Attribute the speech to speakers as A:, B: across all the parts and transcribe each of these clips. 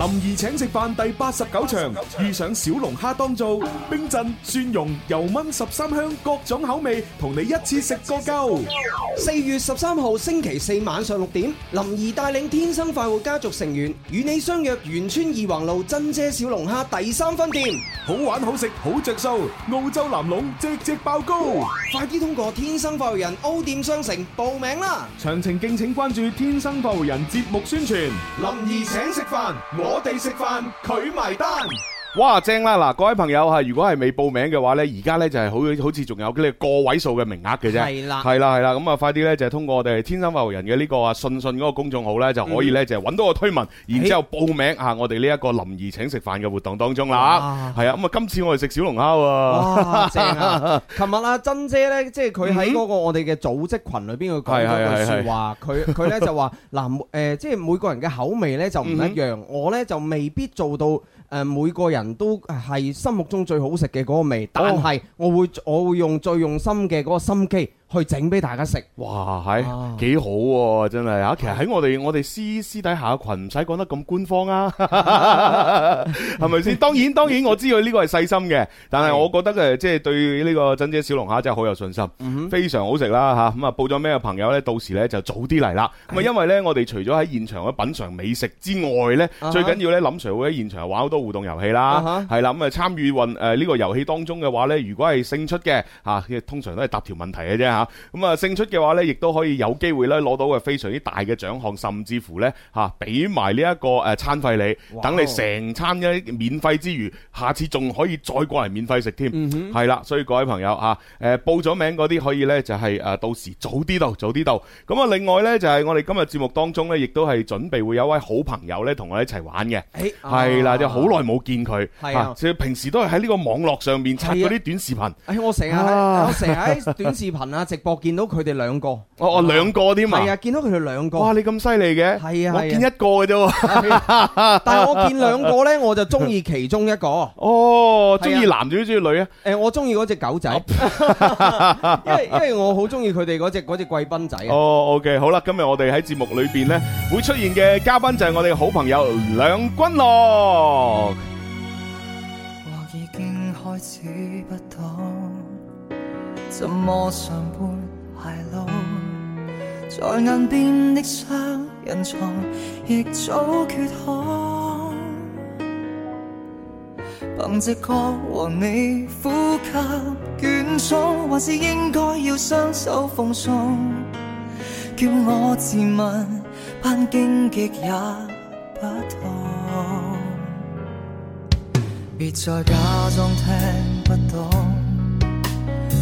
A: 林兒請食飯第八十九場，場遇上小龍蝦當造，嗯、冰鎮、蒜蓉、油燜十三香各種口味，同你一次食個夠。四月
B: 十三號星期四晚上六點，林兒帶領天生快活家族成員，與你相約員村二橫路珍姐小龍蝦第三分店，好玩好食好着數，澳洲藍龍隻隻爆膏，嗯、快啲通過天生快活人 O 店商城報名啦！
A: 詳情敬請關注天生快活人節目宣傳。林兒請食飯。
B: 我哋食飯，佢埋單。
A: 哇，正啦！嗱，各位朋友吓，如果係未報名嘅話呢，而家呢就係好好似仲有啲個位數嘅名額嘅啫，係啦的，係啦，係啦。咁啊，快啲呢，就通過我哋天生廢物人嘅呢個啊信信嗰個公眾號呢，就可以呢，就搵到個推文，嗯、然之後報名吓，我哋呢一個林兒請食飯嘅活動當中啦。係啊、欸，咁啊哇，今次我哋食小龍蝦啊！正啊！琴日， 啊，珍姐呢，即係佢喺嗰個我哋嘅組織群裏邊去講
B: 咗句說話，佢佢咧就話嗱，誒，即係每個人嘅口味呢，就唔一樣，嗯、我呢，就未必做到。每個人都係心目中最好食嘅嗰個味道，但係我會我會用最用心嘅嗰個心機。去整俾大家食，
A: 哇，係、哎、幾好喎、啊！真係啊，其實喺我哋的我哋私私底下群唔使講得咁官方啊，係咪先？當然當然，我知道呢個係細心嘅，但係我覺得誒，即係的對呢個珍姐小龍蝦真係好有信心，嗯、哼非常好食啦吓。咁啊，嗯、報咗咩嘅朋友呢？到時呢就早啲嚟啦。咁啊的，因為呢，我哋除咗喺現場去品嘗美食之外呢，啊、哈最緊要呢，林 Sir 會喺現場玩好多互動遊戲啦。係啦、啊哈，咁啊參與運誒呢個遊戲當中嘅話呢，如果係勝出嘅吓、啊，通常都係答條問題嘅啫。咁啊，勝出嘅話咧，亦都可以有機會咧攞到嘅非常之大嘅獎項，甚至乎咧嚇俾埋呢一個誒餐費 Wow. 你，等你成餐一免費之餘，下次仲可以再過嚟免費食添。係啦、mm hmm.，所以各位朋友嚇誒報咗名嗰啲可以咧就係誒到時早啲到，早啲到。咁啊，另外咧就係我哋今日節目當中咧，亦都係準備會有一位好朋友咧同我一齊玩嘅。誒、哎，係啦，就好耐冇見佢。係啊、哎，的平時都係喺呢個網絡上面刷嗰啲短視頻。哎，我成日、哎、我成日喺短視
B: 頻啊！ 直播見到佢哋兩個，
A: 哦哦兩個添啊！係啊，見到佢哋兩個。哇，你咁犀利嘅，係啊，我見一個嘅啫。
B: 但係我見兩個咧，我就中意其中一個。哦，中意男仲中意女啊？誒，我中意嗰隻狗
A: 仔，因為因為
B: 我好中意佢哋嗰隻嗰隻貴賓仔
A: 啊。哦，OK，好啦，今日我哋喺節目裏邊咧會出現嘅嘉賓就係我哋嘅好朋友梁君諾。
C: 怎麼常伴偕老，在岸邊的雙人床亦早缺空。憑直覺和你呼吸捲縮，還是應該要雙手奉送？叫我自問攀荊棘也不痛。別再假裝聽不懂。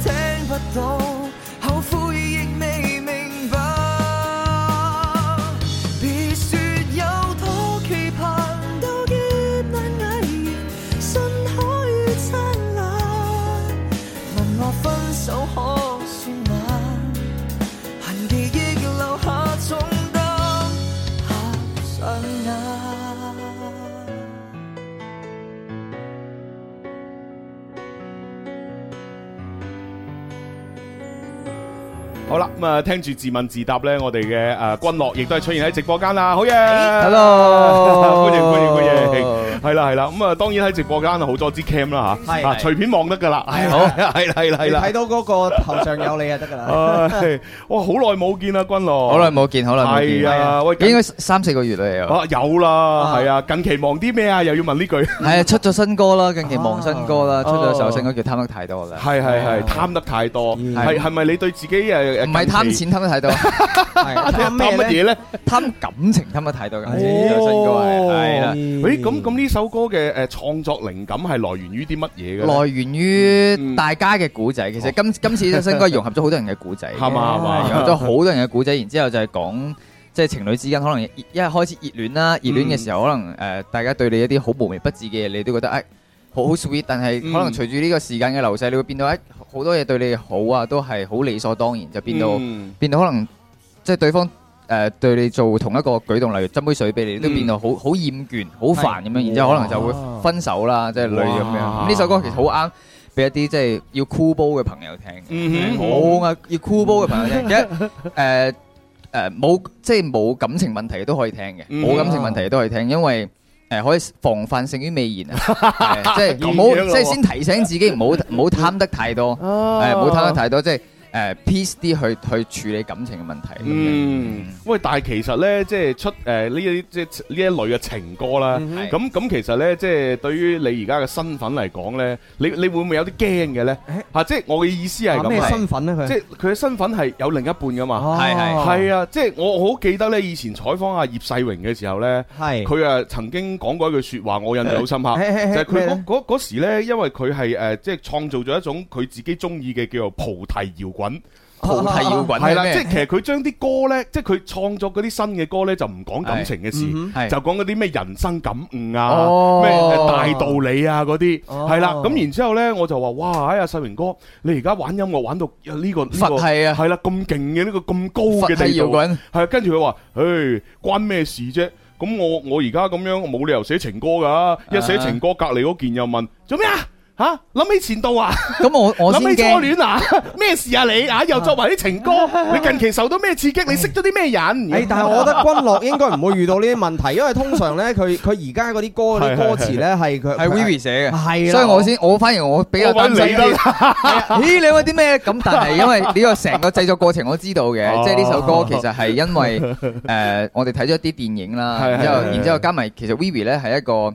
C: 聽不懂。
A: 咁啊、嗯，聽住自問自答咧，我哋嘅誒君諾亦都係出現喺直播間啦，好嘢！Hello，歡迎歡迎歡迎。歡迎 係啦，係啦，咁啊，當然喺直播間啊，好多支 cam 啦吓，啊，隨便望得噶啦，係好，係啦，係啦，係啦，睇到
B: 嗰個頭像有你啊得噶啦，哇，好耐冇見啊，君諾，好耐冇見，好耐冇
A: 見，係啊，應
D: 該三四個月啦又，哦有
A: 啦，係啊，近期忙啲咩啊？又要問呢句，
D: 係啊，出咗新歌啦，近期忙新歌啦，出咗首新歌叫貪得太多啦，係係係，
A: 貪得太多，係係咪你對自己誒唔係貪錢
D: 貪得太多，貪乜嘢
A: 咧？貪感情貪得太
D: 多嘅，有新歌係啦，喂，咁
A: 咁呢？呢首歌嘅
D: 誒創作靈感係來源於啲乜嘢嘅？來源於大家嘅古仔。嗯、其實今、哦、今次呢首新歌融合咗好多人嘅古仔，係嘛？融合咗好多人嘅古仔，然之後就係講即係、就是、情侶之間可能一，一開始熱戀啦，熱戀嘅時候、嗯、可能誒、呃，大家對你一啲好無微不至嘅嘢，你都覺得誒好好 sweet。啊、weet，但係可能隨住呢個時間嘅流逝，你會變到誒好多嘢對你好啊，都係好理所當然，就變到、嗯、變到可能即係對方。誒，對你做同一個舉動，例如斟杯水俾你，都變到好好厭倦、好煩咁樣，然之後可能就會分手啦，即係類咁樣。咁呢首歌其實好啱俾一啲即係要箍煲嘅朋友聽嘅，冇啊！要箍煲嘅朋友聽，一誒誒，冇即係冇感情問題都可以聽嘅，冇感情問題都可以聽，因為誒可以防範勝於未然啊！即係冇，即係先提醒自己，唔好唔好貪得太多，誒，唔好貪得太多，即係。誒，peace 啲，去去處理感情嘅問題。嗯，喂，但係
A: 其實咧，即係出誒呢一即係呢一類嘅情歌啦。咁咁其實咧，即係對於你而家嘅身份嚟講咧，你你會唔會有啲驚嘅咧？吓，即係我嘅意思係咁。咩身份咧？佢即係佢嘅身份係有另一半噶嘛？係係係啊！即係我好記得咧，以前採訪阿葉世榮嘅時候咧，係佢啊曾經講過一句說話，我印象好深刻，就係佢嗰嗰嗰時咧，因為佢係誒即係創造咗一種佢自己中意嘅叫做菩提搖。滾菩提搖滾係啦，即係其實佢將啲歌咧，即係佢創作嗰啲新嘅歌咧，就唔講感情嘅事，就講嗰啲咩人生感悟啊，咩大道理啊嗰啲，係啦。咁然之後咧，我就話哇，哎呀，世榮哥，你而家玩音樂玩到呢個呢個係啦，咁勁嘅呢個咁高嘅地步，係。跟住佢話，誒，關咩事啫？咁我我而家咁樣，我冇理由寫情歌噶，一寫情歌，隔籬嗰件又問做咩啊？吓諗起前度啊，咁我我諗起初戀啊，咩事啊你啊又作為啲情歌，你近期受到咩刺激？你識咗啲咩人？但係我
B: 覺得君諾應該唔會遇到呢啲問題，因為通常咧佢佢而家嗰啲歌嗰啲歌詞咧係
D: 佢係 Vivi 寫嘅，係，所以我先我反而我比較單身。咦，你搵啲咩？咁但係因為呢個成個製作過程我知道嘅，即係呢首歌其實係因為誒我哋睇咗一啲電影啦，然之後然之後加埋其實 Vivi 咧係一個。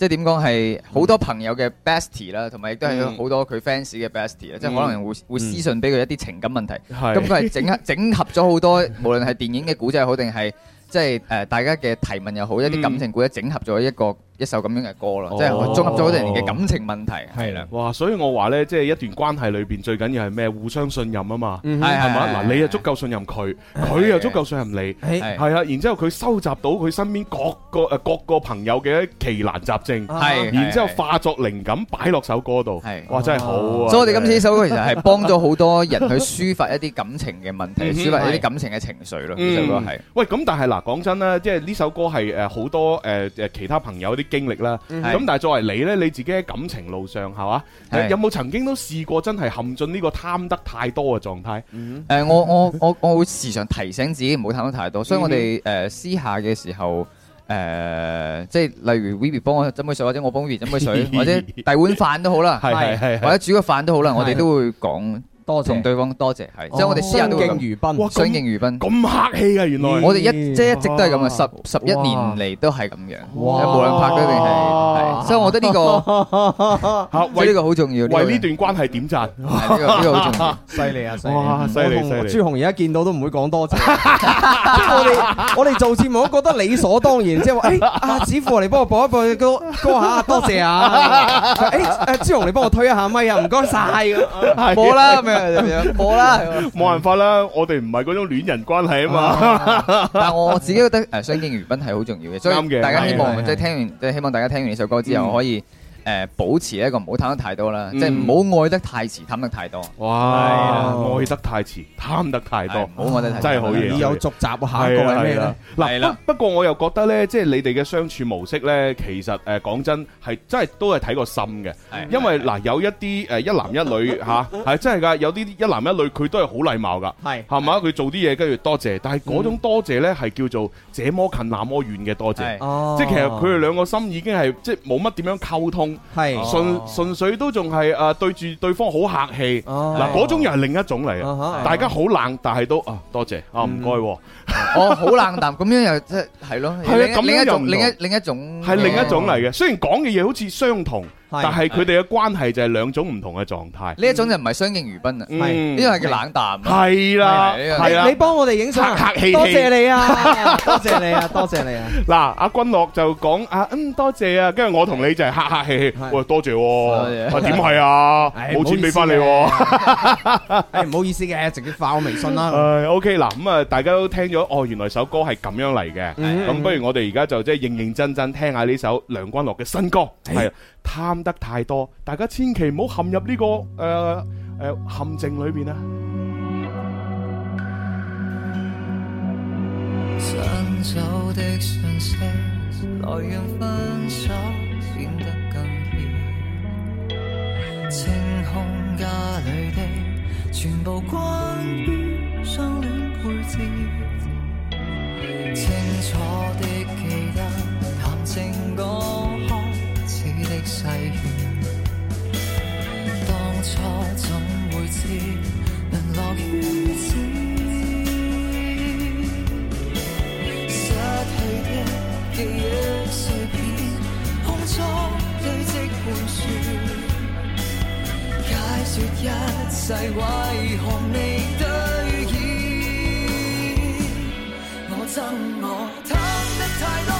D: 即係點講，係好多朋友嘅 bestie 啦，同埋亦都係好多佢 fans 嘅 bestie 啦。嗯、即係可能會、嗯、會私信俾佢一啲情感問題。咁佢係整合 整合咗好多，無論係電影嘅古仔又好，定係即係誒、呃、大家嘅提問又好，嗯、一啲感情故仔整合咗一個一首咁樣嘅歌咯，即係我綜合咗啲人嘅感情問題。係
A: 啦，哇！所以我話咧，即係一段關係裏邊最緊要係咩？互相信任啊嘛，係嘛？嗱，你又足夠信任佢，佢又足夠信任你，係啊！然之後佢收集到佢身邊各個誒各個朋友嘅奇難雜症，係然之後
D: 化作靈感擺落首歌度，係哇！真係好啊。所以我哋今次呢首歌其實係幫咗好多人去抒發一啲感情嘅問題，抒發一啲感情嘅情緒咯。呢首歌係。喂，
A: 咁但係嗱，講真啦，即係呢首歌係誒好多誒誒其他朋友啲。經歷啦，咁、嗯、但係作為你咧，你自己喺感情路上係嘛，有冇曾經都試過真係陷進呢個貪
D: 得太多嘅狀態？誒、嗯呃，我我我我會時常提醒自己唔好貪得太多，所以我哋誒、呃、私下嘅時候，誒即係例如 Vivi、e e、幫我斟杯水，或者我幫 Vivi 斟杯水， 對 Puis 或者遞碗飯都好啦，係係或者煮個飯都好啦，係係係我哋都會講。多同對方多謝，係，即係我哋私人都敬如賓，相敬如賓，咁嘩客氣啊，原來，嗯、我哋一即係、啊、一直都係咁嘅，十十一年嚟都係咁樣，哇無論拍得定係。所以我覺得呢
E: 個，
D: 呢個好重要，為呢段關係點贊，呢個好重
A: 要，犀利啊，犀利，啊！啊啊，朱
B: 紅而家見到都唔會講多謝， 我哋我哋做節目都覺得理所當然，即係話，阿，哎啊，子富你幫我播一播歌歌吓，多謝啊！誒，哎
A: 啊，朱紅你幫我推一下咪啊，唔
B: 該晒！」「咁，冇
A: 啦，咩咁樣，
B: 冇啦，嗯，
D: 冇辦法啦，的我哋唔係嗰種戀人關係嘛 啊嘛，但我自己覺得誒相敬如賓係好重要嘅，所以大家希望即係的，嗯、聽完，即係的希望大家聽完呢首歌之後。就可以。誒，保持一個唔好貪得太多啦，即係唔好愛得太遲，貪得太多。哇，愛得太遲，貪得太多，唔好愛得太遲。真係好嘢。有續集，下個係
A: 咩？嗱，不不過我又覺得咧，即係你哋嘅相處模式咧，其實誒講真係真係都係睇個心嘅。因為嗱，有一啲誒一男一女吓係真係噶，有啲一男一女佢都係好禮貌噶，係係嘛，佢做啲嘢跟住多謝，但係嗰種多謝咧係叫做這麼近那麼遠嘅多謝，即係其實佢哋兩個心已經係即係冇乜點樣溝通。係，純純粹都仲係誒，對住對方好客氣，嗱嗰種又係另一種嚟嘅！大家好冷，但係都啊，多謝啊，唔該，哦，
D: 好冷淡，咁樣又即係
A: 咯，係啊，咁另一種，另一另一種係另一種嚟嘅，雖然講嘅嘢好似相同。但係佢哋嘅關係就係兩種唔同嘅狀態，呢一種就唔係相敬如賓啊，呢種係叫冷淡。係啦，係啦，你幫
B: 我哋影相，客客氣氣，多謝你啊，多謝你啊，多
A: 謝你啊。嗱，阿君諾就講啊，嗯，多謝啊，跟住我同你就係客客氣氣，喂，多謝，啊，點係啊，冇錢俾翻你，誒，唔好意思嘅，直接發我微信啦。誒，OK 嗱，咁啊，大家都聽咗，哦，原來首歌係咁樣嚟嘅，咁不如我哋而家就即係認認真真聽下呢首梁君諾嘅新歌，係貪得太多，大家千祈唔好陷入呢、這個誒誒、呃呃、陷阱裏邊啊！
C: 刪走的信息，來讓分手顯得更易。清空家裏的，的全部關於相戀配置，清楚的記得談情講。的誓言，當初怎會知淪落於此？失去的記憶碎片，空中堆積盤旋，解說一切為何未兌現？我憎我貪得太多。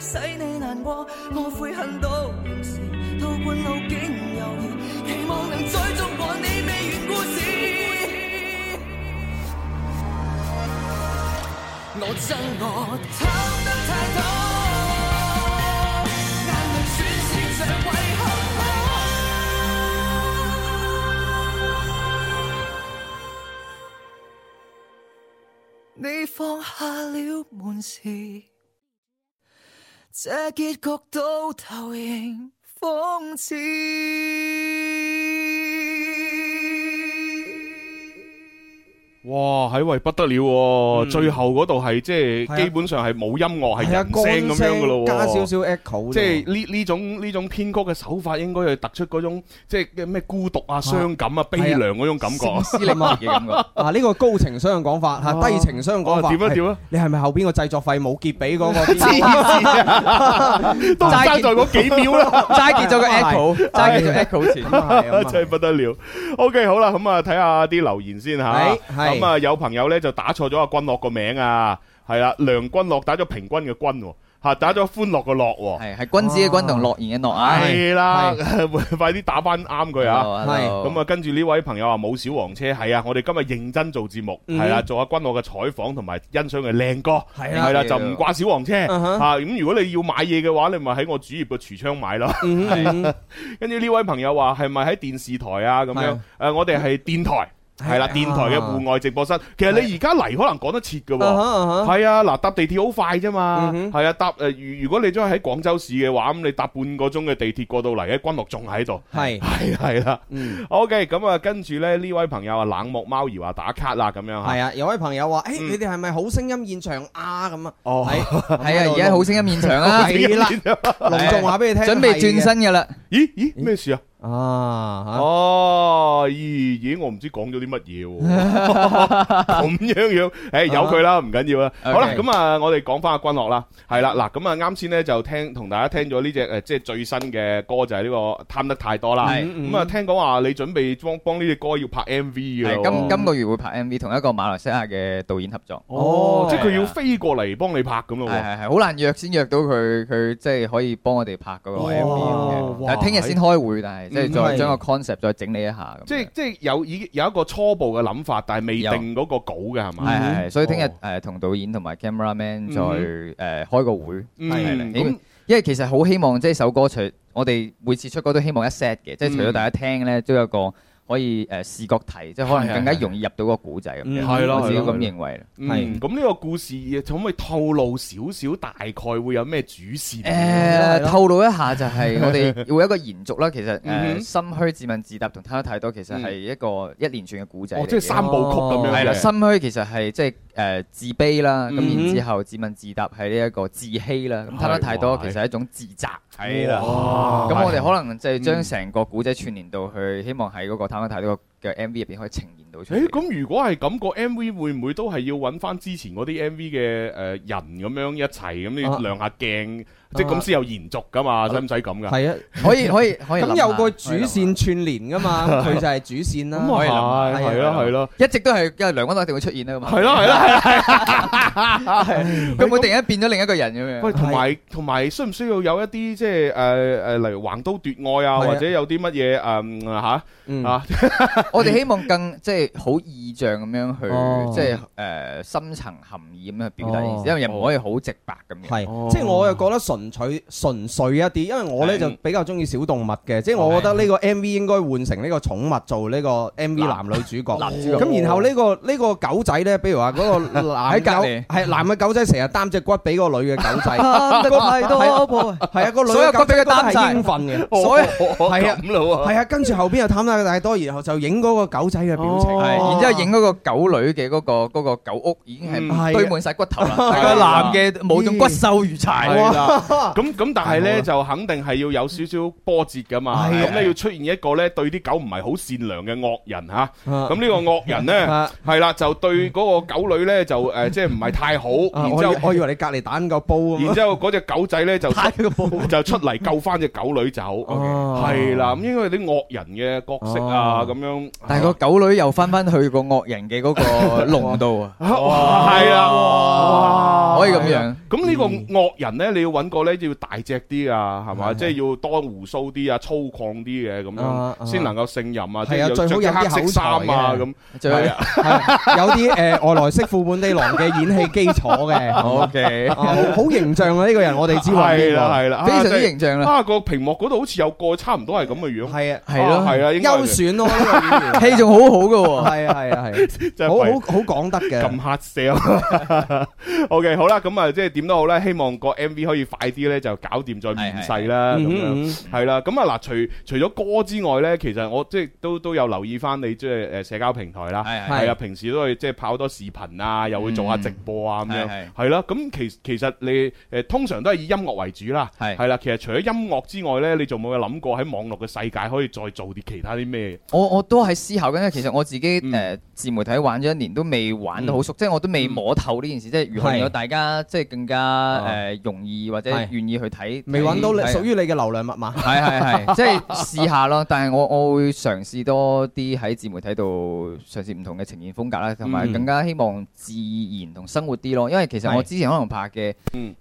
C: 使你難過，我悔恨到現時，途經路徑猶疑，期望能再續過你未完故事。 我憎我貪得太多，眼淚宣洩着為何我你放下了門匙。這結局都投影諷刺。
A: 哇！喺喂，不得了！最後嗰度係即係基本上係冇音樂，係人聲咁樣噶咯，加少少 echo，即係呢呢種呢種編曲嘅手法，應該去突出嗰種即係嘅咩孤獨啊、傷感啊、悲涼嗰種感覺。
B: 啊，呢個高情商嘅講法，啊，低情商嘅講法，點啊點啊？你係咪後邊個製作費冇結
A: 俾嗰個？
E: 都爭在嗰幾秒啦，齋結咗個 echo，齋結咗 echo 錢，
A: 真係不得了。OK，好啦，咁啊，睇下啲留言先吓，係。咁啊，有朋友咧就打錯咗阿君諾個名啊，係啦，梁君諾打咗
D: 平均嘅均吓，打咗歡樂嘅樂，係，係君子嘅君同諾言嘅諾，
A: 係啦，快啲打翻啱佢啊！係咁啊，跟住呢位朋友話冇小黃車，係啊，我哋今日認真做節目，係啦，做阿君諾嘅採訪同埋欣賞嘅靚歌。係啦，就唔掛小黃車吓。咁如果你要買嘢嘅話，你咪喺我主頁嘅櫥窗買咯。跟住呢位朋友話係咪喺電視台啊？咁樣誒，我哋係電台。係啦，電台嘅戶外直播室，其實你而家嚟，可能趕得切㗎，係啊，嗱，搭地鐵好快啫嘛，係啊，搭誒，如如果你真係喺廣州市嘅話，咁你搭半個鐘嘅地鐵過到嚟，喺君諾仲喺度，係係係啦，嗯，OK，咁啊，跟住咧呢位朋友啊，冷漠貓兒話打卡啦，咁樣吓，係啊，有位朋友話，誒，你哋
B: 係咪好聲音現場啊？咁啊，哦，係
A: 係啊，而家好聲音現場啊，係啦，隆重話俾你聽，準備轉身㗎啦，咦咦，咩事啊？啊、uh huh. 哦咦咦、欸、我唔知講咗啲乜嘢咁樣樣誒，由佢啦唔緊要啦、欸 uh huh. 好啦咁，啊我哋講翻阿君諾啦係啦嗱，咁啊啱先咧就聽同大家聽咗呢隻誒即係最新嘅歌就係、是、呢、這個貪得太多啦咁，啊聽講話你準備幫幫呢隻歌要拍 M V 嘅，今今個
D: 月會拍 M V 同一個馬來西亞嘅導演合作哦，即係佢要飛過嚟幫你拍，咁咯。係係好難約先約到佢佢，即係可以幫我哋拍嗰個 M V 嘅，聽日先開會但係。但即係再的將個 concept 再整理一下咁。
A: 的即係即係有已經有一個初步嘅諗法，
D: 但係未定嗰個稿嘅係嘛？係係係。所以聽日誒同導演同埋 camera man 再誒、嗯呃、開個會。係係啦。的因為其實好希望即係首歌除我哋每次出歌都希望一 set 嘅，即係除咗大家聽咧，都、嗯、有個。可以誒視覺睇，即係可能更加容易入到個古仔咁樣，我自己咁認為。嗯，
A: 咁呢個故事可唔可以透露少
D: 少大概會有咩主線？誒，透露一下就係我哋會一個延續啦。其實誒，心虛、自問自答同貪得太多其實係一個一連串嘅古仔。哦，即係三部曲咁樣。係啦，心虛其實係即係誒自卑啦，咁然之後自問自答係呢一個自欺啦，咁貪得太多其實係一種自責。係啦，咁哇我哋可能就將成個古仔串連到去，嗯、希望喺嗰個《貪得太多》嗰個嘅 MV 入邊可以呈現到出嚟。咁、
A: 欸、如果係咁，個 MV 會唔會都係要揾翻之前嗰啲 MV 嘅誒人咁樣一齊咁你亮下鏡？啊即咁先有延續噶嘛，使唔使咁噶？係啊，可以可
D: 以
B: 可以。咁有個主
D: 線串連噶嘛，佢就係
A: 主線
B: 啦。咁啊係，係咯，係咯。
D: 一直都係因為梁君諾一定會出現啦嘛。係咯，係咯，係。佢會突然間變咗另一個人咁樣。喂，同埋同埋，需唔需要有一啲即係誒誒，例如橫刀奪愛
A: 啊，或者有啲乜嘢誒嚇啊？
D: 我哋希望更即係好意象咁樣去，即係誒深層含義咁樣表達，因為又唔可以好直白咁樣。係，即係我又
B: 覺得純。純粹純粹一啲，因為我咧就比較中意小動物嘅，即係我覺得呢個 M V 應該換成呢個寵物做呢個 M V 男女主角。咁然後呢個呢個狗仔咧，比如話嗰個男嘅狗，係男嘅狗仔成日擔隻骨俾個女嘅狗仔，擔得太多，係啊，個女狗仔都係應份嘅，所以係啊，咁咯喎，係啊，跟住後邊又貪得太多，然後就影嗰個狗仔嘅表情，然之後影
A: 嗰個狗女嘅嗰個狗屋已經係堆滿晒骨頭啦，個男嘅冇種骨
D: 瘦如柴。
A: 咁咁，但係咧就肯定係要有少少波折噶嘛。咁咧要出現一個咧對啲狗唔係好善良嘅惡人吓。咁呢個惡人咧係啦，就對嗰個狗女咧就誒，即係唔係太好。然之後，我以為你隔籬打緊個煲。然之後嗰隻狗仔咧就就出嚟救翻隻狗女走。係啦，咁應該啲惡人嘅角色啊咁樣。
D: 但係個狗女又翻翻去個惡人嘅嗰個籠度
A: 啊。係啊，哇，可以咁樣。咁呢個惡人咧，你要搵個。咧要大隻啲啊，係嘛，即係要多鬍鬚啲啊，粗獷啲嘅咁樣，先能夠勝任啊，即係着啲黑色衫啊，咁，
B: 有啲誒外來媳婦本地郎嘅演戲基礎嘅，OK，好形象啊，呢個人我哋知喎，係啦係啦，非常之形象
A: 啊！個屏幕嗰度好似有個差唔多係咁嘅樣，係啊
D: 係咯係啊，優選
B: 咯，呢個演
A: 員戲仲好好噶，係啊係啊係，好好好講得嘅，咁 hot sell，OK 好啦，咁啊即係點都好咧，希望個 MV 可以快。呢啲咧就搞掂再面世啦，咁樣係啦。咁啊嗱，除除咗歌之外咧，其實我即係都都有留意翻你即係誒社交平台啦，係啊。平時都係即係拍好多視頻啊，又會做下直播啊，咁樣係啦。咁其其實你誒通常都係以音樂為主啦，係啦。其實除咗音樂之外咧，你仲有冇諗過喺網絡嘅世界可以再做啲其他啲咩？
D: 我我都係思考緊。其實我自己誒自媒體玩咗一年都未玩得好熟，即係我都未摸透呢件事。即係如果大家即係更加誒容易或者，願意去睇，未揾到你對屬於
B: 你嘅流量密碼。係係係，即係
D: 試下咯。但係我我會嘗試多啲喺自媒體度嘗試唔同嘅呈現風格啦，同埋更加希望自然同生活啲咯。因為其實我之前可能拍嘅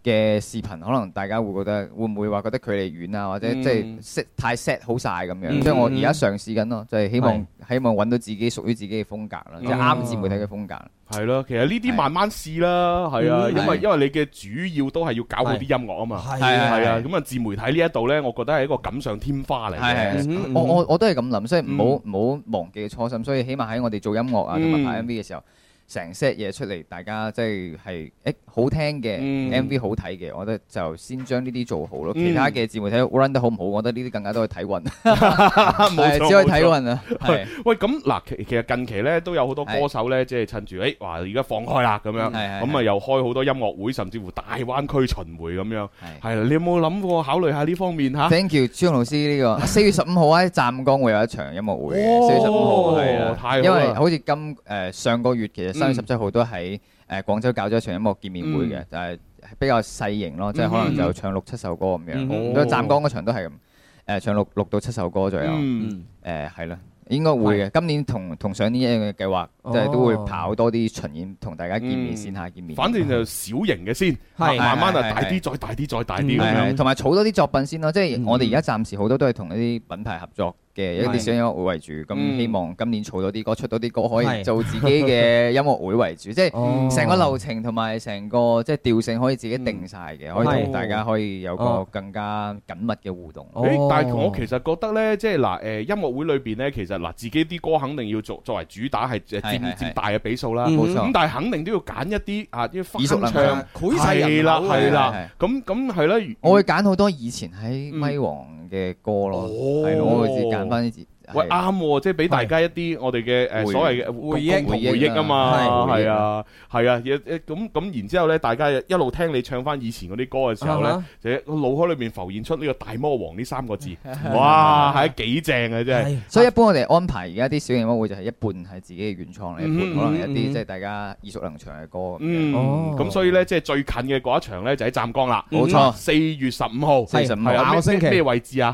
D: 嘅是視頻，可能大家會覺得會唔會話覺得距離遠啊，或者即係 set 太 set 好晒咁樣。即係、嗯、我而家嘗試緊咯，就係、是、希望是希望揾到自己屬於自己嘅風格啦，即係啱自媒體嘅風格。
A: 係咯，其實呢啲慢慢試啦，係啊，因為因為你嘅主要都係要搞好啲音樂啊嘛，係啊，係啊，咁啊自媒體呢一度咧，我覺得係一個錦上添花嚟嘅，我
D: 我我都係咁諗，所以唔好唔好忘記初心，所以起碼喺我哋做音樂啊同埋拍 MV 嘅時候，成 set 嘢出嚟，大家即係，係誒。欸好聽嘅 MV 好睇嘅，我覺得就先將呢啲做好咯。其他嘅節目睇 run 得好唔好？我覺得呢啲更加都係睇運，唔係，只可以睇運啊。係喂，咁嗱，其其實近期咧都有好多歌
A: 手咧，即係趁住誒，哇！而家放開啦咁樣，咁啊又開好多音樂會，甚至乎大灣
D: 區巡迴咁樣。係啦，你有冇諗過考慮下呢方面嚇？Thank you，張老師呢個四月十五號喺湛江會有一場音樂會。四月十五號係，因為好似今誒上個月其實三月十七號都喺。誒廣州搞咗一場音樂見面會嘅，嗯、就係比較細型咯，即係可能就唱六七首歌咁樣。咁湛江嗰場都係誒、呃、唱六六到七首歌左右。誒係啦，嗯、應該會嘅。的今年同同上年一樣嘅計劃，即係都會跑多啲巡演，同大家見面線下、嗯，見面。反正就小型嘅先，是的 慢慢啊大啲，再大啲，再大啲咁樣。同埋儲多啲作品先咯，即係我哋而家暫時好多都係同一啲品牌合作。嘅一啲小音樂會為主，咁希望今年儲多啲歌，出多啲歌可以做自己嘅音樂會為主，即係成個流程同埋成個即係調性可以自己定晒嘅，可以同大家可以有個更加緊密嘅互動。但係我其實我覺得
A: 咧，即係嗱誒音樂會裏邊咧，其實嗱自己啲歌肯定要作作為主打係佔佔大嘅比數啦。冇錯，咁但係肯定都要揀一啲啊啲耳熟能詳，攰曬人啦。係啦，係啦，咁咁係咧。
D: 我會揀好多以前喺咪王嘅歌咯，係咯之
A: 喂啱，即係俾大家一啲我哋嘅誒所謂嘅回憶同回憶啊嘛，係啊，係啊，咁咁然之後咧，大家一路聽你唱翻以前嗰啲歌嘅時候咧，就腦海裏面浮現出呢個大魔王呢三個字，哇，係
D: 幾正嘅真係。所以一般我哋安排而家啲小型音樂會就係一半係自己嘅原創，嚟，一半可能一啲即係大
A: 家耳熟能詳嘅歌。嗯，咁所以咧即係最近嘅嗰一場咧就喺
D: 湛江啦，冇錯，四月十五號，四十五，係下個星期咩位置啊？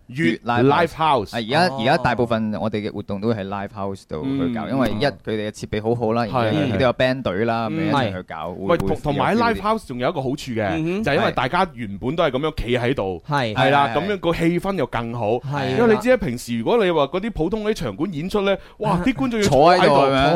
D: 月嗱 live house 係而家而家大部分我哋嘅活動都喺 live house 度去搞，因為一佢哋嘅設備好好啦，係係而家有 band 隊啦，咁樣去搞。喂，同同埋喺 live
A: house 仲有一個好處嘅，就係因為大家原本都係咁樣企喺度，係係啦，咁樣個氣氛又更好。係因為你知啦，平時如果你話嗰啲普通嗰啲場館演出咧，哇！啲觀眾要坐喺度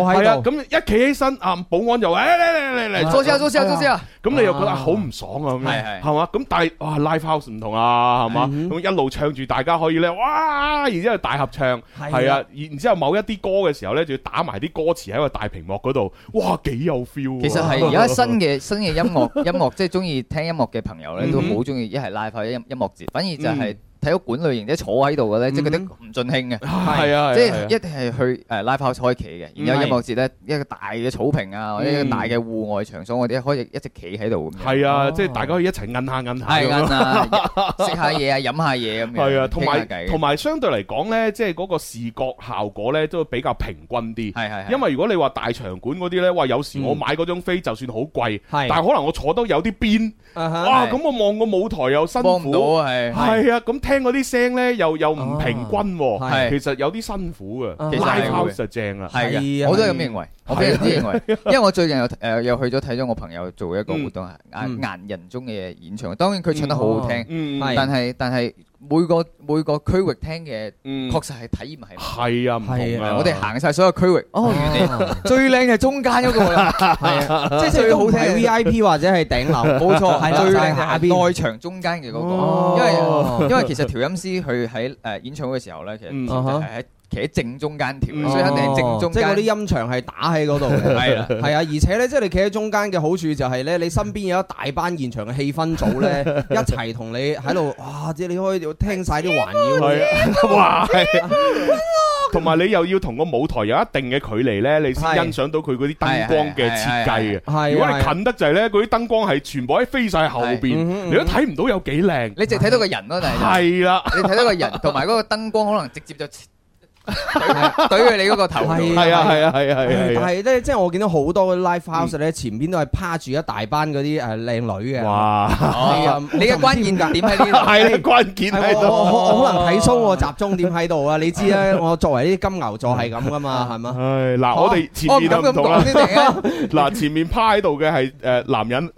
A: 係啊，咁一企起身啊，保安就嚟嚟嚟嚟嚟，坐先啊，坐先啊，坐先啊，咁你又覺得好唔爽啊咁樣係係嘛？咁但係哇，live house 唔同啊，係嘛？咁一路唱住大。而家可以咧，哇！然之後大合唱，係啊，啊然之後某一啲歌嘅時
D: 候咧，就要打埋啲歌詞喺個大屏幕嗰度，哇，幾有 feel！啊、其實係而家新嘅 新嘅音樂音樂，即係中意聽音樂嘅朋友咧，嗯嗯都好中意一係拉翻一音樂節，反而就係。嗯嗯睇個館類型，即坐喺度嘅咧，即係嗰啲唔盡興嘅，係啊，即係一定係去誒 Live House 開企嘅，然後音樂節咧一個大嘅草坪啊，或者一個大嘅戶外場所，我哋可以一直企喺度。
A: 係啊，即係大家可以一齊韌下韌下食下嘢啊，飲下嘢咁樣。係啊，同埋同埋相對嚟講咧，即係嗰個視覺效果咧都比較平均啲。係係，因為如果你話大場館嗰啲咧，哇！有時我買嗰張飛就算好貴，但係可能我坐都有啲邊。啊！哇！咁我望個舞台又辛苦，係係啊！咁聽嗰啲聲咧，又又唔平均，係其實有啲辛苦啊，live house 正
D: 啊，係啊！我都咁認為，我俾人哋認為，因為我最近又誒又去咗睇咗我朋友做一個活動，係顏人中嘅演唱，當然佢唱得好好聽，但係但係。每個每個區域聽嘅，確實係體驗係係啊，唔同啊！我哋行晒所有區域，哦，最靚嘅中間一個啦，係啊，即係最好聽 VIP 或者係頂樓，冇錯，係最靚下邊內場中間嘅嗰個，因為因為其實調音師佢喺誒演唱會嘅時候咧，其實係喺。企喺正中間跳，所以肯定正中間即係嗰啲音
B: 場係打喺嗰度嘅。係啊，係啊。而且咧，即係你企喺中間嘅好處就係咧，你身邊有一大班現場嘅氣氛組咧，一齊同你喺度。哇！即係你可以聽晒啲環繞哇！
A: 同埋你又要同個舞台有一定嘅距離咧，你先欣賞到佢嗰啲燈光嘅設計嘅。係。如果你近得滯咧，嗰啲
D: 燈光係全部喺飛晒後邊，你都睇唔到有幾靚。你淨睇到個人咯，就係。係啦。你睇到個人，同埋嗰個燈光可能直接就，懟佢你嗰個頭。係啊，係啊，係啊，係啊！係，
B: 即係我見到好多 live house 咧，前邊都係趴住一大班嗰啲誒、靚女嘅。哇！你嘅
D: 關鍵點喺
B: 呢度，係啦，關鍵喺度。我我可能睇 show，我集中點喺度啊！你知啊，我作為啲金牛座係咁噶嘛，係嘛？
A: 唉，嗱，我哋前面就唔同啦。嗱，前面趴喺度嘅係誒、男人。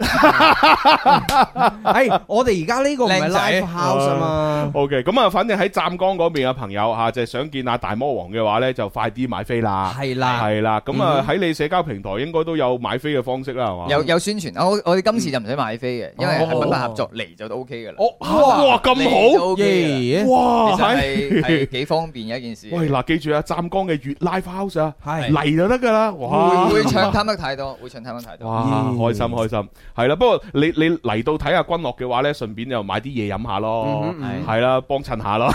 A: 係我哋而家呢個唔係 live house 啊嘛。OK，咁啊，反正喺湛江嗰邊嘅朋友吓，就係想見下大魔王嘅話咧，就快啲買飛啦，係啦，係啦，咁啊喺你社交平台應該都有買飛嘅方式啦，係嘛，有
D: 有宣傳，我我哋今次就唔使買飛嘅，因為係品牌合作嚟就都 O K 嘅啦。哦，哇，咁好，O K，哇，係係幾方便嘅一件事。喂，嗱，記住啊，湛江嘅月 live house
A: 啊，嚟就得噶啦。哇，會唱
D: 貪得太多，會唱貪得太多。哇，開心
A: 開心，係啦。不過你你嚟到睇下君諾嘅話咧，順便就買啲嘢飲下咯，係啦，幫襯下咯，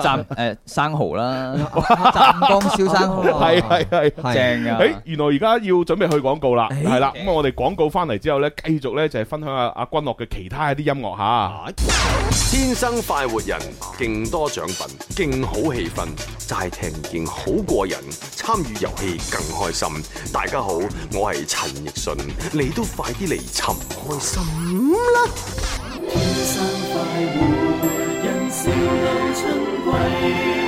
A: 讚誒生蠔啦。湛江燒生蠔，係係係，正噶。誒，原來而家要準備去廣告啦， 係啦。咁我哋廣告返嚟之後咧，繼續咧就係、是、分享下阿君諾嘅其他一啲音樂吓。天生快活人，勁多獎品，勁好氣氛，就齋聽見好過癮，參與遊戲更開心。大家好，我係陳奕迅，你都快啲嚟
F: 尋開心啦！天生快活人，笑到春歸。